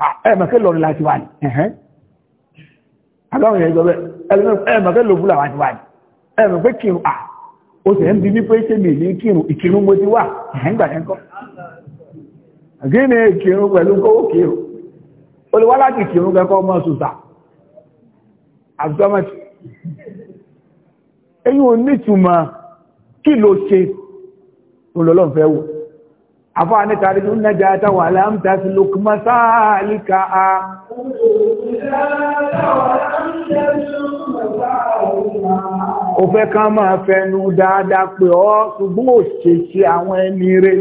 Ah, ẹ̀mọ̀kẹ́ lọ́rin láti wá ní, ẹ̀hẹ́n. Àgbàwọn èèyàn ìjọba ẹ̀mọ̀kẹ́ lò fúlà wá ti wá ní, ẹ̀mọ̀kẹ́ kírun, à, ah, ó sì ń bí wípé
ẹ̀hẹ́n
olùwá láti kìrún kẹ́kọ́ ọmọ ṣùtà àbúkọ́mọ́tì ẹ̀yìn ò nítumọ̀ kí ló ṣe olùlọ́n fẹ́ wò afọ́ anítàrí tó nájà àtàwà aláàmta sí lókùnmọ́ sáàlìkà á ó fẹ́ ká máa fẹnu dáadáa pé ọ́ ṣùgbọ́n òṣèṣe àwọn ẹni rẹ̀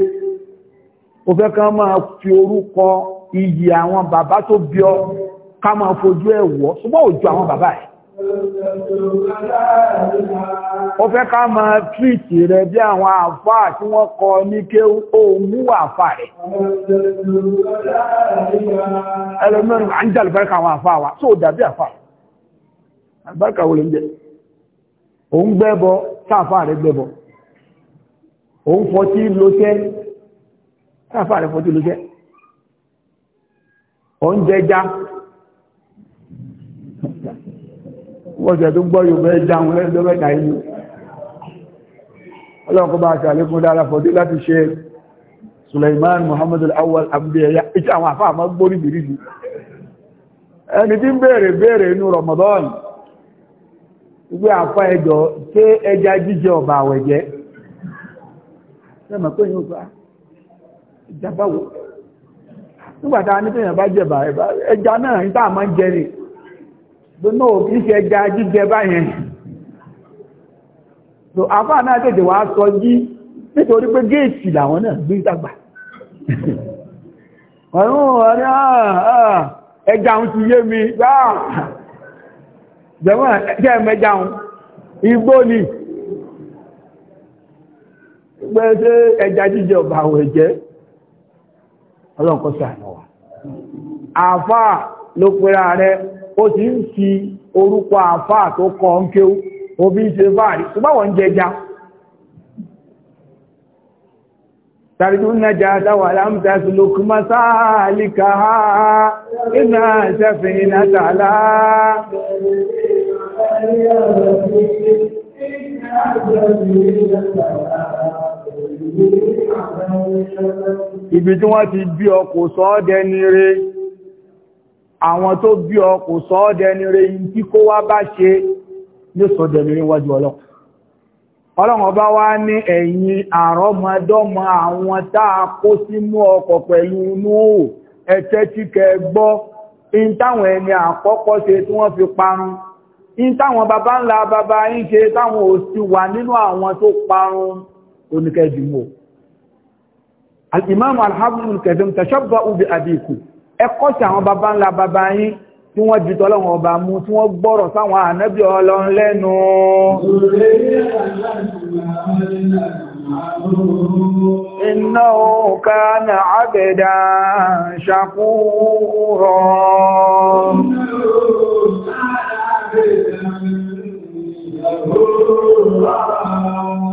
ó fẹ́ máa fi orúkọ iyì àwọn bàbá tó bí ọ ká máa fojú ẹ̀ wọ́ ṣùgbọ́n òjò àwọn bàbá ẹ̀ ó fẹ́ ká máa tríìtì rẹ̀ bí àwọn àfáà tí wọ́n kọ ní ké ohun àfáà rẹ̀ ẹlẹ́mẹ́rin à ń àwọn àfáà wa tó dàbí àfáà àlùbáríkà wo ń jẹ́ òun gbẹ́bọ sáàfáà rẹ̀ gbẹ́bọ òun fọtí lóṣẹ́ sáàfáà rẹ̀ fọtí lóṣẹ́ oúnjẹ já wọ́sẹ̀ tó gbọ́ yóò bẹ́ẹ̀ já wọn lẹ́sẹ̀ mẹ́ta inú ọlọ́kọ́ bá ṣàlékún dára fọ́dí láti ṣe Suleiman Muhammad al iṣẹ́ àwọn àfáà gbórí ẹni tí ń bèèrè bèèrè inú Ramadan àfá ẹjọ́ ẹja jíjẹ ọba àwẹ̀jẹ́ nígbàtà ní tí bá jẹba ẹja náà ní táà máa jẹ rí gbóná òkú ṣe ẹja jíjẹ báyẹn so afá náà tètè wá sọ jí nítorí pé géètì làwọn náà gbé dàgbà ọ̀rún ọ̀rẹ́ ah, ah, ẹja ń ti yé mi gbáà mẹ́ja ń igbó ni ẹja jíjẹ ọlọ́run kọ́ sí àná àfáà ló pera rẹ ó ti ń fi orúkọ àfáà tó kọ́ ń obi ń ṣe báàrí tó tari ń jẹja tàbí nájà dáwà lámta sí lókùnmá sáàlìkà ha iná ṣẹ́fìn iná tààlá Ibi tí wọ́n ti bí ọ kò sọ ọ́ dẹni re, àwọn tó bí ọ kò sọ ọ́ dẹni re, yìí tí kó wá bá ṣe yóò sọ dẹni re wájú ọlọ́pàá. Ọlọ́run ọba wá ní ẹ̀yìn àrọ́mọdọ́mọ àwọn táa kó sínú ọkọ̀ ńlá baba ń ṣe táwọn ò wà nínú àwọn tó parun oníkẹ́jì mú alìmáàmù alhàbùn kẹfìm tẹ̀ṣọ́bà ubi àbíkù ẹkọ́ sí àwọn bàbá ńlá bàbá yín tí wọ́n jù tọ́lọ́wọ́n ọba mú tí wọ́n gbọ́rọ̀ sáwọn ànábì ọlọ́run lẹ́nu iná òkà náà àbẹ̀dà ṣàkúrọ̀ Oh,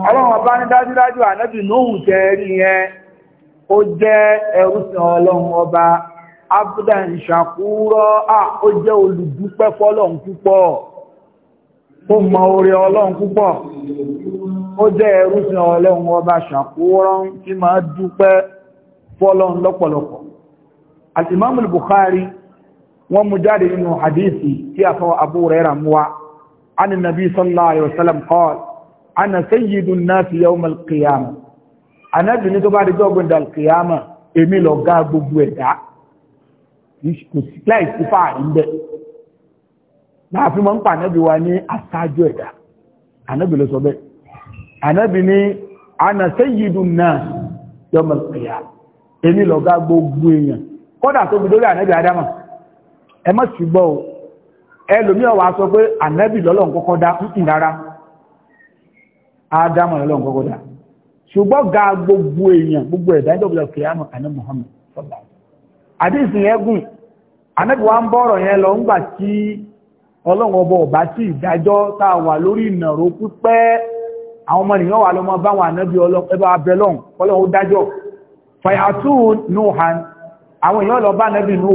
ọlọ́run ọba ní dájúdájú ànábì nóhùn jẹ́ rí yẹn ó jẹ́ ẹrúsìn ọlọ́run ọba abdan ṣàkúrọ́ à ó jẹ́ olùdúpẹ́ fọ́lọ́run púpọ̀ ó mọ oore ọlọ́run púpọ̀ ó jẹ́ ẹrúsìn ọlọ́run ọba ṣàkúrọ́ tí máa dúpẹ́ fọ́lọ́run lọ́pọ̀lọpọ̀ al-Imam al-Bukhari wọ́n mú jáde nínú hadithi tí a fọ́ Abu Hurairah mú sallallahu alaihi wasallam qala ana sayyidun nasi yawmal qiyama anabi ni tó bá di dogun dal qiyama èmi ló ga gbogbo ẹ̀dá kò sí láì sí fa nbe la fi mo npa anabi wa ni aṣáájú ẹ̀dá anabi ló sọ bẹ́ẹ̀ anabi ni ana sayyidun nasi yawmal qiyama èmi ló ga gbogbo èyàn kódà tó bi lórí anabi adama ẹ má ṣùgbọ́ o ẹlòmí ó wá sọ pé anabi lọ́lọ́run kọ́kọ́ dá rárá ádámù ọlọ́run kọ́kọ́ dá ṣùgbọ́n ga gbogbo èèyàn gbogbo ẹ̀dá ìjọba kìyàmù àná sọ́bà yẹn gùn anábì wa ń bọ̀rọ̀ yẹn lọ ńgbà tí ọba ọba tí ìdájọ́ tá a wà lórí ìnàró pípẹ́ àwọn ọmọ nìyàn wà lọ́mọ báwọn anábì ẹbá abẹ́lọ́n ọlọ́run dájọ́ fàyàtú nùhàn àwọn èèyàn lọ bá anábì nù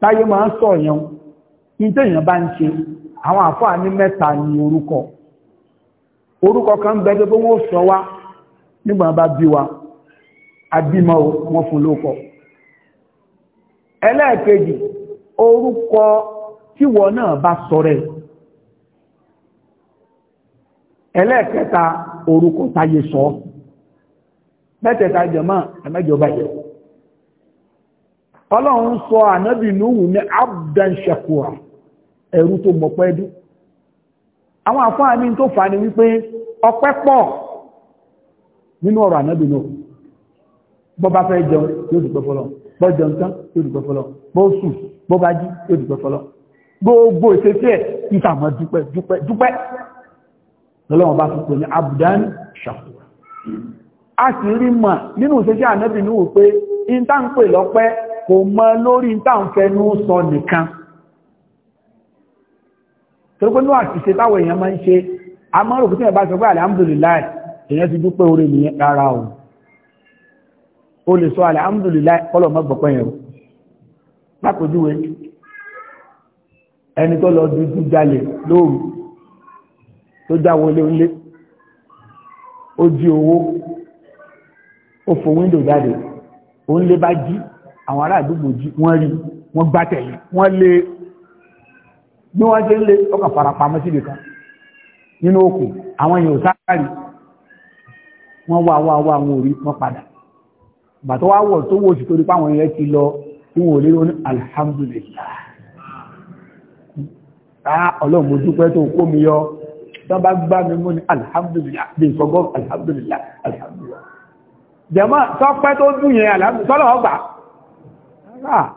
táyé máa ń sọ yẹn ní tẹ́yàn bá ń ṣe àwọn àfáà ní mẹ́ta ní orúkọ orúkọ kan ń bẹ́ẹ̀ pé wọ́n sọ wá nígbà bá bí wa àbímọ́ wọn fún lókọ ẹlẹ́ẹ̀kejì orúkọ tíwọ náà bá sọ rẹ̀ ẹlẹ́ẹ̀kẹta orúkọ táyé sọ mẹ́tẹ̀ẹ̀ta jẹ̀mọ́ ẹ̀mẹ́jọba yẹn ọlọ́run sọ ànábì Nuhu ní abdan shakura ẹ̀rú tó mọ̀pẹ́ dú àwọn àfáàní tó fà ní wípé ọpẹ́ pọ̀ nínú ọ̀rọ̀ ànábì Nuhu bó bá fẹ́ jẹun yóò dùpẹ́ fọlọ́ bó jẹun tán yóò dùpẹ́ fọlọ́ bó sùn bó bá jí yóò dùpẹ́ fọlọ́ gbogbo ìṣesí ẹ̀ ìtàmọ̀ dúpẹ́ dúpẹ́ dúpẹ́ lọ́lọ́wọ́n bá fi pè ní abdan shakura a sì rí mọ̀ nínú ìṣesí ànábì Nuhu pé in tá ń pè lọ́pẹ́ kò mọ lórí táǹfẹ́nú sọ nìkan tó gbónú àtìṣe táwọn èèyàn máa ń ṣe a mọ́ rò fún ìbá sọ pé alhamdulillah èèyàn ti dúpẹ́ orí nìyẹn rárá o o lè sọ alhamdulillah kọ́lọ̀ mọ́ gbọ̀pẹ́ yẹn o lápòjúwe ẹni tó lọ dúdú jalè lóòrù tó jáwọlé ńlé ó jí owó ó fò wíńdò jáde òun lé bá jí àwọn ará àdúgbò jí wọ́n rí wọ́n gbá tẹ̀lé wọ́n lé bí wọ́n ṣe ń lé ọkàn farapamọ́ síbi kan nínú òkun àwọn èèyàn sáárì wọ́n wá wá wá wọn orí wọ́n padà bàtọ́ wá wọ̀ tó wò sí torí páwọn èèyàn ti lọ tí wọ́n lérò ní alhamdulillah ah ọlọ́run mo dúpẹ́ tó kó mi yọ tán bá gbá mi mú ní alhamdulillah bí ìfọgọ́ alhamdulillah alhamdulillah jẹ́mọ́ tọ́pẹ́ tó dùn yẹn alhamdulillah tọ́lọ́ ọgbà Ah,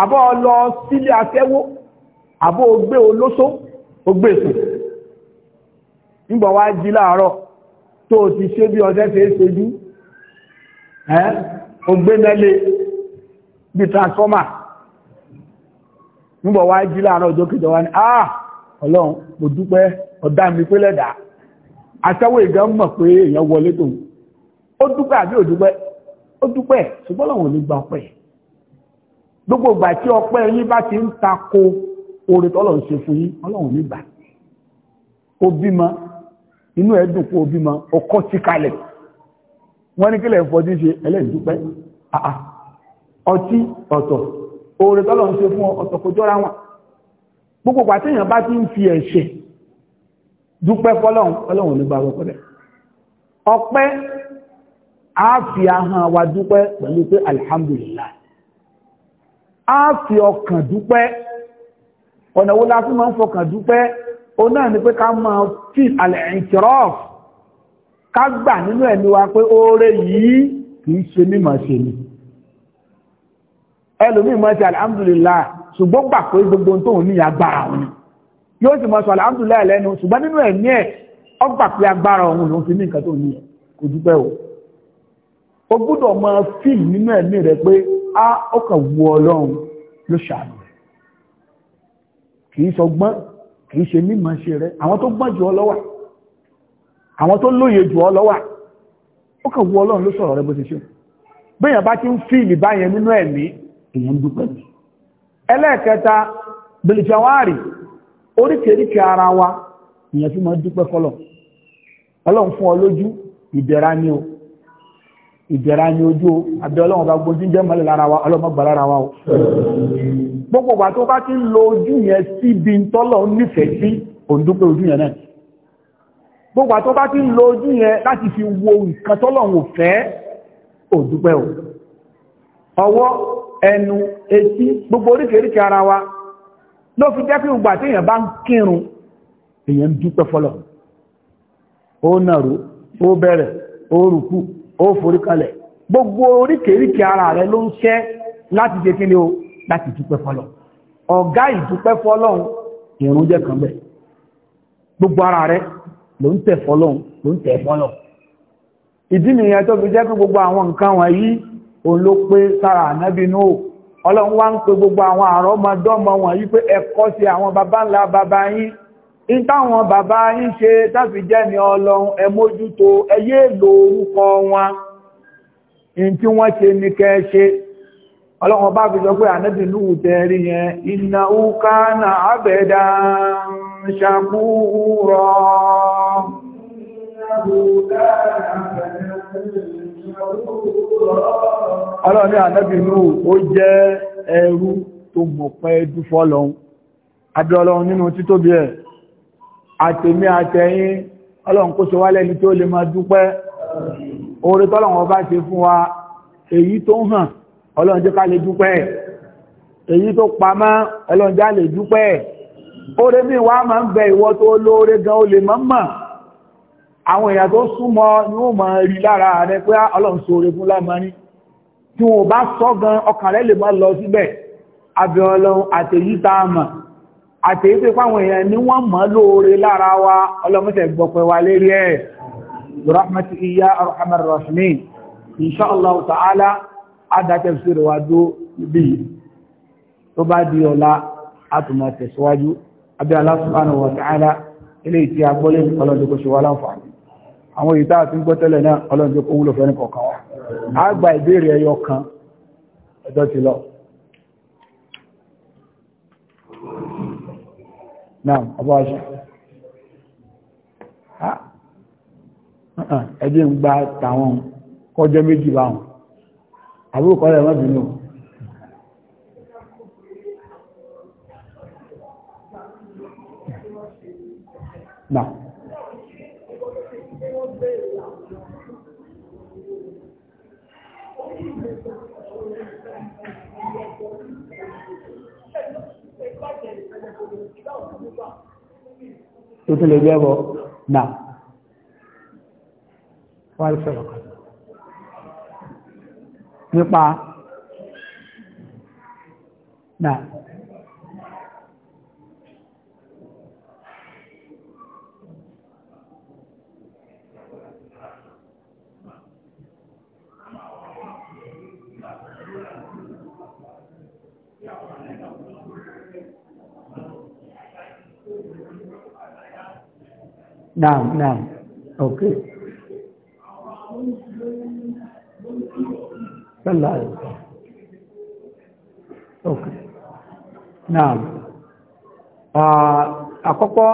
àbọ̀ lọ sílé akẹ́wó àbọ̀ ogbé olóṣó ogbé ètò nígbà wá jí láàárọ̀ tó ti ṣe bí ọjẹ́ fẹ́ ṣojú ogbé mẹ́lẹ̀ bí transformer nígbà wá jí láàárọ̀ ọjọ́ kìjọ wá ní àà ah, ọlọ́run mo dúpẹ́ ọ̀dá mi pé lẹ́dàá aṣẹ́wó ìgá mọ̀ pé èèyàn wọlé tóun ó dúpẹ́ àbí ò dúpẹ́ ó dúpẹ́ ṣùgbọ́n lọ́wọ́n ò ní gba ọpẹ́ yìí gbogbo ìgbà tí ọpẹ́ yín bá ti ń tako oore tọ́lọ̀ ń ṣe fún yín ọlọ́run nígbà ó bímọ inú ẹ̀ dùn kó o bímọ ọkọ̀ ti kalẹ̀ wọ́n ní kílẹ̀ fọdí ṣe ẹlẹ́dúpẹ́ ọtí ọ̀tọ̀ oore tọ́lọ̀ ń ṣe fún ọ̀tọ̀ kò jọra wọn gbogbo ìgbà tí èèyàn bá ti ń fi ẹ̀ṣẹ̀ dúpẹ́ fọ́lọ́run ọlọ́run nígbà rọ̀pẹ́lẹ̀ ọpẹ́ a fi ahọ́n wa dúpẹ́ pẹ̀lú pé alhamdulillah á fi ọkàn dúpẹ́ ọ̀nà wo la fi máa ń fọkàn dúpẹ́ ó náà ni pé ká máa fi àlẹ̀ ìtìrọ́f ká gbà nínú ẹ̀mí wa pé oore yìí kì í ṣe mímọ̀ ṣe ni ẹlòmíì máa ṣe alhamdulillah ṣùgbọ́n gbà pé gbogbo tóun ní agbára òun yóò sì máa sọ alhamdulillah lẹ́nu ṣùgbọ́n nínú ẹ̀mí ẹ̀ ó gbà pé agbára òun lòun fi ní nǹkan tó ní kò dúpẹ́ o ó gbọ́dọ̀ máa fíìmù nínú ẹ̀mí rẹ̀ pé á ó kà wú ọlọ́run ló ṣàánú rẹ̀ kìí sọgbọ́n kìí ṣe mímọ̀ ṣe rẹ̀ àwọn tó gbọ́n jù ọ lọ́wà àwọn tó lóye jù ọ lọ́wà ó kà wú ọlọ́run ló sọ̀rọ̀ rẹ̀ bó ṣe ṣe bẹ́yàn bá ti ń fíìlì báyẹn nínú ẹ̀mí èèyàn ń dúpẹ́ mi ẹlẹ́ẹ̀kẹta bìlìjàwárì oríkèríkè ara wa èèyàn fi máa dúpẹ́ fọlọ̀ ọlọ́run fún ọ lójú ìdẹ̀ra ni o ìjẹ̀ra ni ojú àbí ọlọ́run bá gbójú jẹ́ mọ́lẹ̀ lára wa ọlọ́mọ́gbà lára wa o gbogbo wà tó bá ti ń lo ojú yẹn síbi tọ́lọ̀ nífẹ̀ẹ́ sí òǹdúpẹ́ ojú yẹn náà gbogbo wà tó bá ti ń lo ojú yẹn láti fi wo nǹkan tọ́lọ̀ ò fẹ́ òǹdúpẹ́ o ọwọ́ ẹnu etí ó bẹ̀rẹ̀ ó rùkú ó forí kalẹ̀ gbogbo oríkèríkè ara rẹ ló ń ṣẹ́ láti jẹ́ kíni o láti dúpẹ́ fọ́lọ̀ ọ̀gá ìdúpẹ́ fọ́lọ́hun ìrún jẹ́ kan bẹ̀ gbogbo ara rẹ ló ń tẹ̀ fọ́lọ́hun ló ń tẹ̀ fọ́lọ̀ ìdí nìyẹn tó fi jẹ́ pé gbogbo àwọn nǹkan wọ̀nyí òun ló pé sára ànábì Nuhu ọlọ́run wá ń pe gbogbo àwọn àrọ́mọdọ́mọ wọ̀nyí pé ẹ̀kọ́ sí àwọn baba ńlá baba yín in táwọn bàbá yín ṣe tàbí jẹ́ ní ọlọ́run ẹmójútó ẹyé lò orúkọ wọn in tí wọ́n ṣe ní kẹ́ẹ̀ṣe ọlọ́run bá fi sọ pé ànábì Nuhu tẹ́rí yẹn iná uka na abẹ́dá ṣàkúrọ̀ ọlọ́run ànábì Nuhu ó jẹ́ ẹrú tó mọ̀pẹ́ dúfọ́ lọ́hun àtèmí àtẹ̀yìn ọlọ́run kó ṣe wá lẹ́ni tó lè máa dúpẹ́ oore tọ́lọ̀wọ́ bá ṣe fún wa èyí tó ń hàn ọlọ́run jẹ́ ká lè dúpẹ́ èyí tó pamọ́ ọlọ́run já lè dúpẹ́ oore bí wá máa ń bẹ ìwọ tó lóore gan ó lè máa mọ̀ àwọn èèyàn tó súnmọ́ ni ó máa rí lára rẹ pé ah, ọlọ́run ṣoore fún lámarí tí wọn bá sọ gan ọkàn rẹ lè máa lọ síbẹ̀ abẹ́ ọlọ́run àtèyí tá a mọ̀ àtẹ̀yẹ́sẹ̀ fáwọn èèyàn ní wọ́n mọ́ lóore lára wa ọlọ́mọ́sẹ̀ gbọ́pẹ̀ wa lérí ẹ̀ rahmat iya arhamar rahimin insha Allah ta'ala ada tafsir wa do bi tó bá di ọ̀la àtùmọ̀ tẹ̀síwájú abẹ́ Allah subhanahu ta'ala ilé ìtì agbọ́lé ọlọ́dún kò ṣe láǹfààní àwọn èyí táà náà ọba ọ̀ṣà ẹ̀dí ń gba tàwọn kọjọ́ méjì báwọn àbúkọ rẹ̀ wọ́n bínú náà tó tún lè jẹ́bọ̀ náà wọ́n lè sọ̀rọ̀ kan nípa náà. Naam, naam. Okay. Sallallahu alaihi wasallam. Okay. Naam. Ah, àkọ́kọ́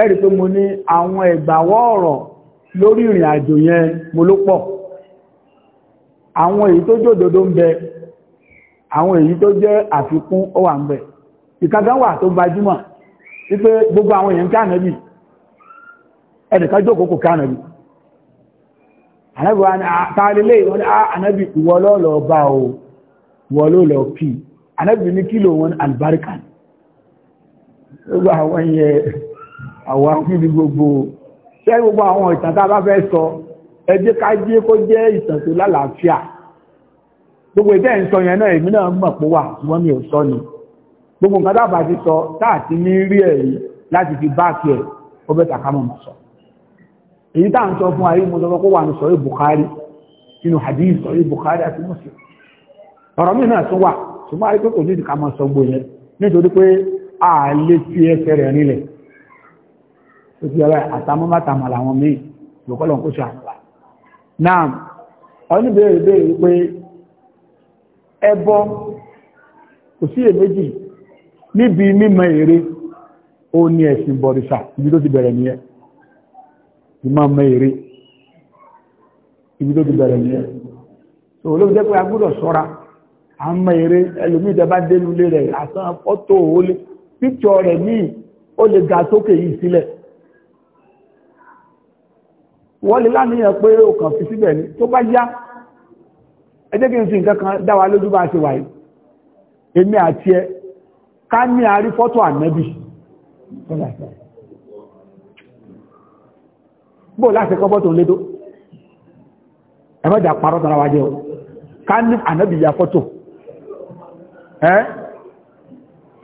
ẹ rí pé mo ní àwọn ìgbàwọ́ ọ̀rọ̀ lórí ìrìn àjò yẹn mo ló pọ̀. Àwọn èyí tó jòdodo ń bẹ, àwọn èyí tó jẹ́ àfikún ó wà ń bẹ. Ìkàgán wà tó gbogbo àwọn èèyàn kí ànábì ẹnìkan jókòó kò kánà bí anábì wa ni àtàlélé wọn ni anábì ìwọ ló lọ bá o ìwọ ló lọ pì anábì ní kílò wọn àlùbáríkà gbogbo àwọn yẹ àwọn akíbi gbogbo ṣé gbogbo àwọn ìtàn tá a bá fẹ́ sọ ẹ jẹ́ ká jẹ́ kó jẹ́ ìtàn tó lálàáfíà gbogbo ìtẹ́ ń sọ yẹn náà èmi náà mọ̀ pé wà wọ́n mi ò sọ ni gbogbo nǹkan dábàá ti sọ táà ti ní rí ẹ̀rí láti fi báàkì ẹ̀ ó bẹ́ẹ̀ tàkámọ̀ mọ̀ sọ èyí tá ń sọ fún ayé mo sọ wà ní sọ̀rọ̀ Bukhari nínú hadith sọ̀rọ̀ Bukhari àti Muslim ọ̀rọ̀ mi náà tún wà ṣùgbọ́n ayé pé kò ní ìdíkà máa sọ gbòyẹn nítorí pé a lè fi ẹsẹ̀ rẹ̀ nílẹ̀ ó ti ọ̀rọ̀ àtàmọ́mátàmọ́ làwọn míì lòkọ́lọ̀ kó àmàlà ìmọ̀ ọmọ èrè ibi tó ti bẹ̀rẹ̀ nìyẹn tó olóòjẹ́ pé a gbọ́dọ̀ ṣọ́ra a mọ èrè ẹlòmíì tẹ́ bá dénú lé rẹ̀ àtàn fọ́tò ó lé píkṣọ rẹ̀ míì ó lè ga sókè yìí sílẹ̀ wọ́n lè láníyàn pé ó kàn fi síbẹ̀ ní tó bá yá ẹjẹ́ kí n fi nǹkan kan dá wa lójú bá ti wà yìí èmi àti ẹ ká ní àrí fọ́tò ànẹ́bì bó láti kọ́ bọ́tò lédó ẹ̀mọ́jà parọ́ tara wájẹ́ o ká ní ànábì ya fọ́tò ẹ́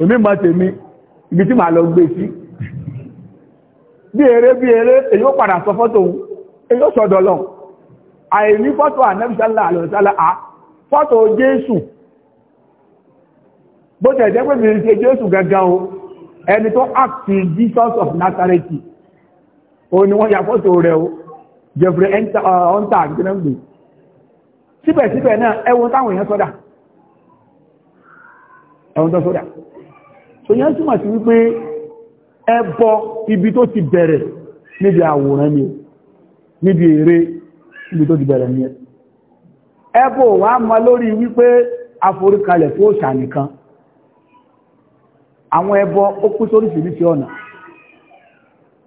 èmi máa tèmi ibi tí ma lọ gbé sí bí eré bí eré èyí ó padà sọ fọ́tò èyí ó sọ́dọ̀ lọ àìní fọ́tò ànábì sálà àlọ́sálà à fọ́tò Jésù bó tẹ̀ jẹ́ pé mi ṣe Jésù gangan o ẹni tó áàkì Jesus of Nazareth òun ni wọ́n ya fọ́tò rẹ̀ o Jeffrey uh, hunter gbẹ̀nàgbè síbẹ̀síbẹ̀ náà ẹwọ́n táwọn èèyàn sọ́dà ẹwọ́n tó sọ́dà so yẹn túnmọ̀ sí wípé ẹbọ ibi tó ti bẹ̀rẹ̀ níbi àwòrán ni níbi ère ibi tó ti bẹ̀rẹ̀ ni ẹbọ wà mọ́ lórí wípé àforíkalẹ̀ fún òṣà nìkan àwọn ẹbọ ó kú sóríṣiríṣi ọ̀nà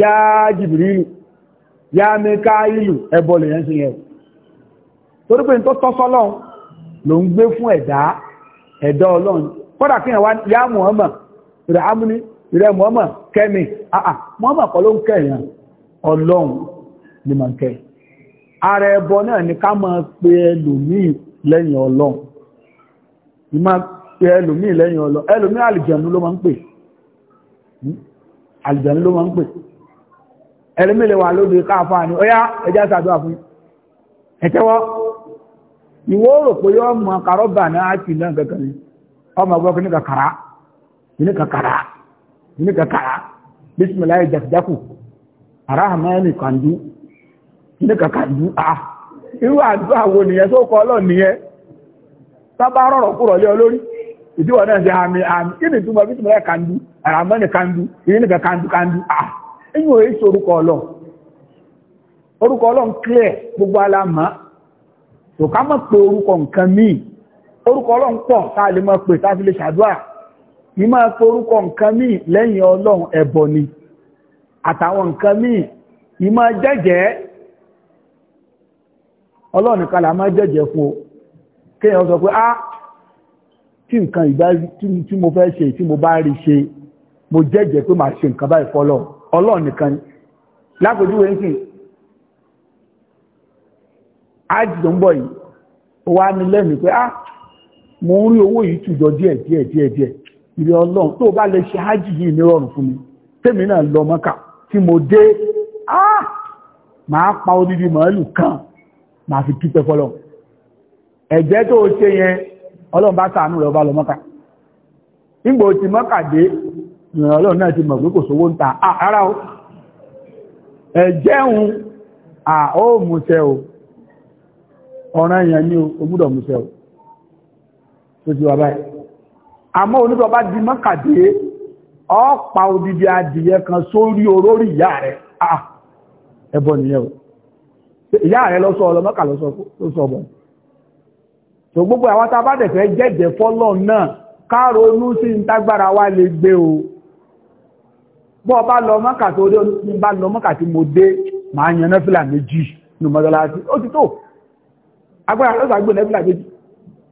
yá jìbìrìlù yá mẹ́ká ìlú ẹbọ lè yẹn sí yẹn torí pé tó tọ́ sọ́lọ́run ló ń gbé fún ẹ̀dá ẹ̀dá ọlọ́run kọ́dà kí ẹ̀wà yá Muhammad rẹ̀ amúní rẹ̀ Muhammad kẹ́mi àà Muhammad kọ́ ló ń kẹ̀yàn ọlọ́run ni mà ń kẹ́ ara ẹbọ náà ni ká máa pe ẹlòmíì lẹ́yìn ọlọ́run ìmá pe ẹlòmíì lẹ́yìn ọlọ́run ẹlòmíì àlìjẹ̀nu ló àlùjọ̀nù ló máa ń pè ẹlẹ́mẹ̀lẹ̀ wà lóde káàfáà ní ọyá ẹjá sàdúrà fún ẹ̀tẹ́wọ́ ìwọ rò pé yọ mọ kàrọ́bà náà ti náà kankan ọmọ ọgbọ́n kìíní kàkàrà kìíní kàkàrà kìíní kàkàrà bísímìláì jàkìjákù aráhàmáyánì kàndú kìíní kàkàndú irú wo nìyẹn tó nìyẹn rọ̀rọ̀ ìdíwọ̀ náà ṣe àmì àmì kí ni túnmọ̀ bíi túnmọ̀ kandu àràmọ́nì kandu ìyẹn nìkan kandu kandu à ẹ̀yìn òye ṣe orúkọ ọlọ́run orúkọ ọlọ́run clear gbogbo alámà tó ká mọ̀ pé orúkọ nǹkan míì orúkọ pọ̀ tá a lè mọ̀ pé tá a fi lè ṣàdúrà ní máa pe orúkọ nǹkan míì lẹ́yìn ni àtàwọn nǹkan míì ní máa jẹ́jẹ́ nìkan máa jẹ́jẹ́ fún o kéèyàn sọ pé ah, tí nǹkan ìgbà tí mo fẹ́ ṣe tí mo bá rí ṣe mo jẹ́jẹ́ pé màá ṣe nǹkan báyìí fọ́lọ́ ọlọ́run nìkan ni lápòjúwe ń sìn ájì tó ń bọ̀ yìí ó wá ní lẹ́mìí pé ah mo ń rí owó yìí tùjọ díẹ̀ díẹ̀ díẹ̀ díẹ̀ ìrẹ́ ọlọ́run tó bá lè ṣe ájì yìí ní rọrùn fún mi tèmi náà lọ mọ́kà tí mo dé ah màá pa odidi màálù kan màá fi dúpẹ́ fọ́lọ́ ẹ̀jẹ̀ tó ṣe yẹn ọlọ́run bá sàánú rẹ̀ ọba lọ mọ́ka ìgbò ti mọ́ka dé ìrìn ọlọ́run náà ti mọ̀ pé kò sówó ń ta ara ah, o ẹ̀jẹ̀un à ó múṣẹ́ o ọ̀ràn èèyàn ní o gbúdọ̀ múṣẹ́ o tó ti wà báyìí àmọ́ onítọ̀ bá di mọ́ka dé ó pa odidi adìyẹ kan sórí orórí ìyá rẹ̀ ah, ẹbọ nìyẹn o ìyá rẹ̀ lọ́sọ̀ ọlọ́mọ́ka lọ́sọ̀ ọbọ̀ tó gbogbo àwọn tá a bá dẹ̀ náà káàrò onú sí ń tágbára wá lè gbé o bọ́ bá lọ bá lọ mo dé máa yan nẹ́fìlà méjì ní ti tó agbára nẹ́fìlà méjì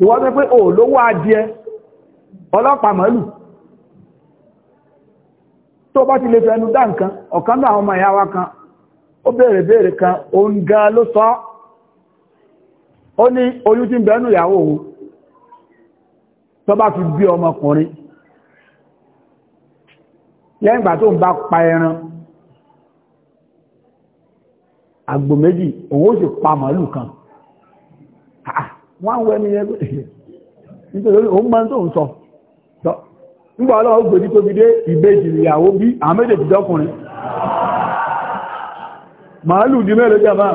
ìwọ́n o adìẹ ọlọ́pàá màálù tó bá ti lè fẹnu dá nǹkan ọ̀kan náà àwọn ọmọ ìyá wa kan ó kan òun gan ló sọ ó ní oyún tí ń bẹ̀ẹ́nù ìyàwó òun tó bá fi bí ọmọkùnrin lẹ́yìn ìgbà tó ń bá pa ẹran àgbò méjì òun ó sì pa màálù kan wọ́n wẹ́ ní ẹgbẹ́ nítorí òun mọ́ tó ń sọ nígbà ọlọ́wọ́ gbòdí tó fi dé ìbejì ìyàwó bí àwọn méjèèjì dọ́kùnrin màálù di mẹ́lẹ̀ jẹ́ máa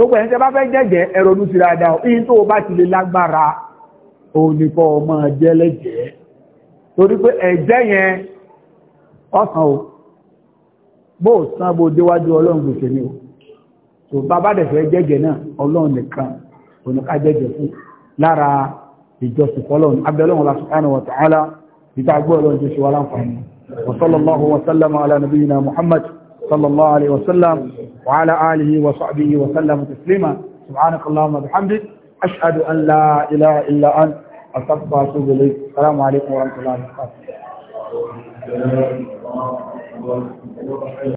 tó pẹ̀ níta bá fẹ́ jẹ́jẹ́ ẹ̀rọ̀nù ti dáadáa ìyí tó bá ti lè lágbára òníkọ́ ọmọ ẹ̀jẹ́ lẹ́jẹ́ torí pé ẹ̀jẹ́ yẹn ọ̀sán o bó san bó déwájú ọlọ́run gbèsè ni o tó bàbá dẹ̀ fẹ́ jẹ́jẹ́ náà ọlọ́run nìkan oníká jẹ́jẹ́ fún lára ìjọsìn fọlọ́run abẹ́lọ́run wa subhanahu wa ta'ala ìtagbọ́ ọlọ́run jẹ́ ṣe wa láǹfààní wa sallallahu wa sallama ala nabiyyina muhammad وعلى آله وصحبه وسلم تسليما سبحانك اللهم وبحمدك أشهد أن لا إله إلا أنت أصدق وأتوب إليك السلام عليكم ورحمة
الله وبركاته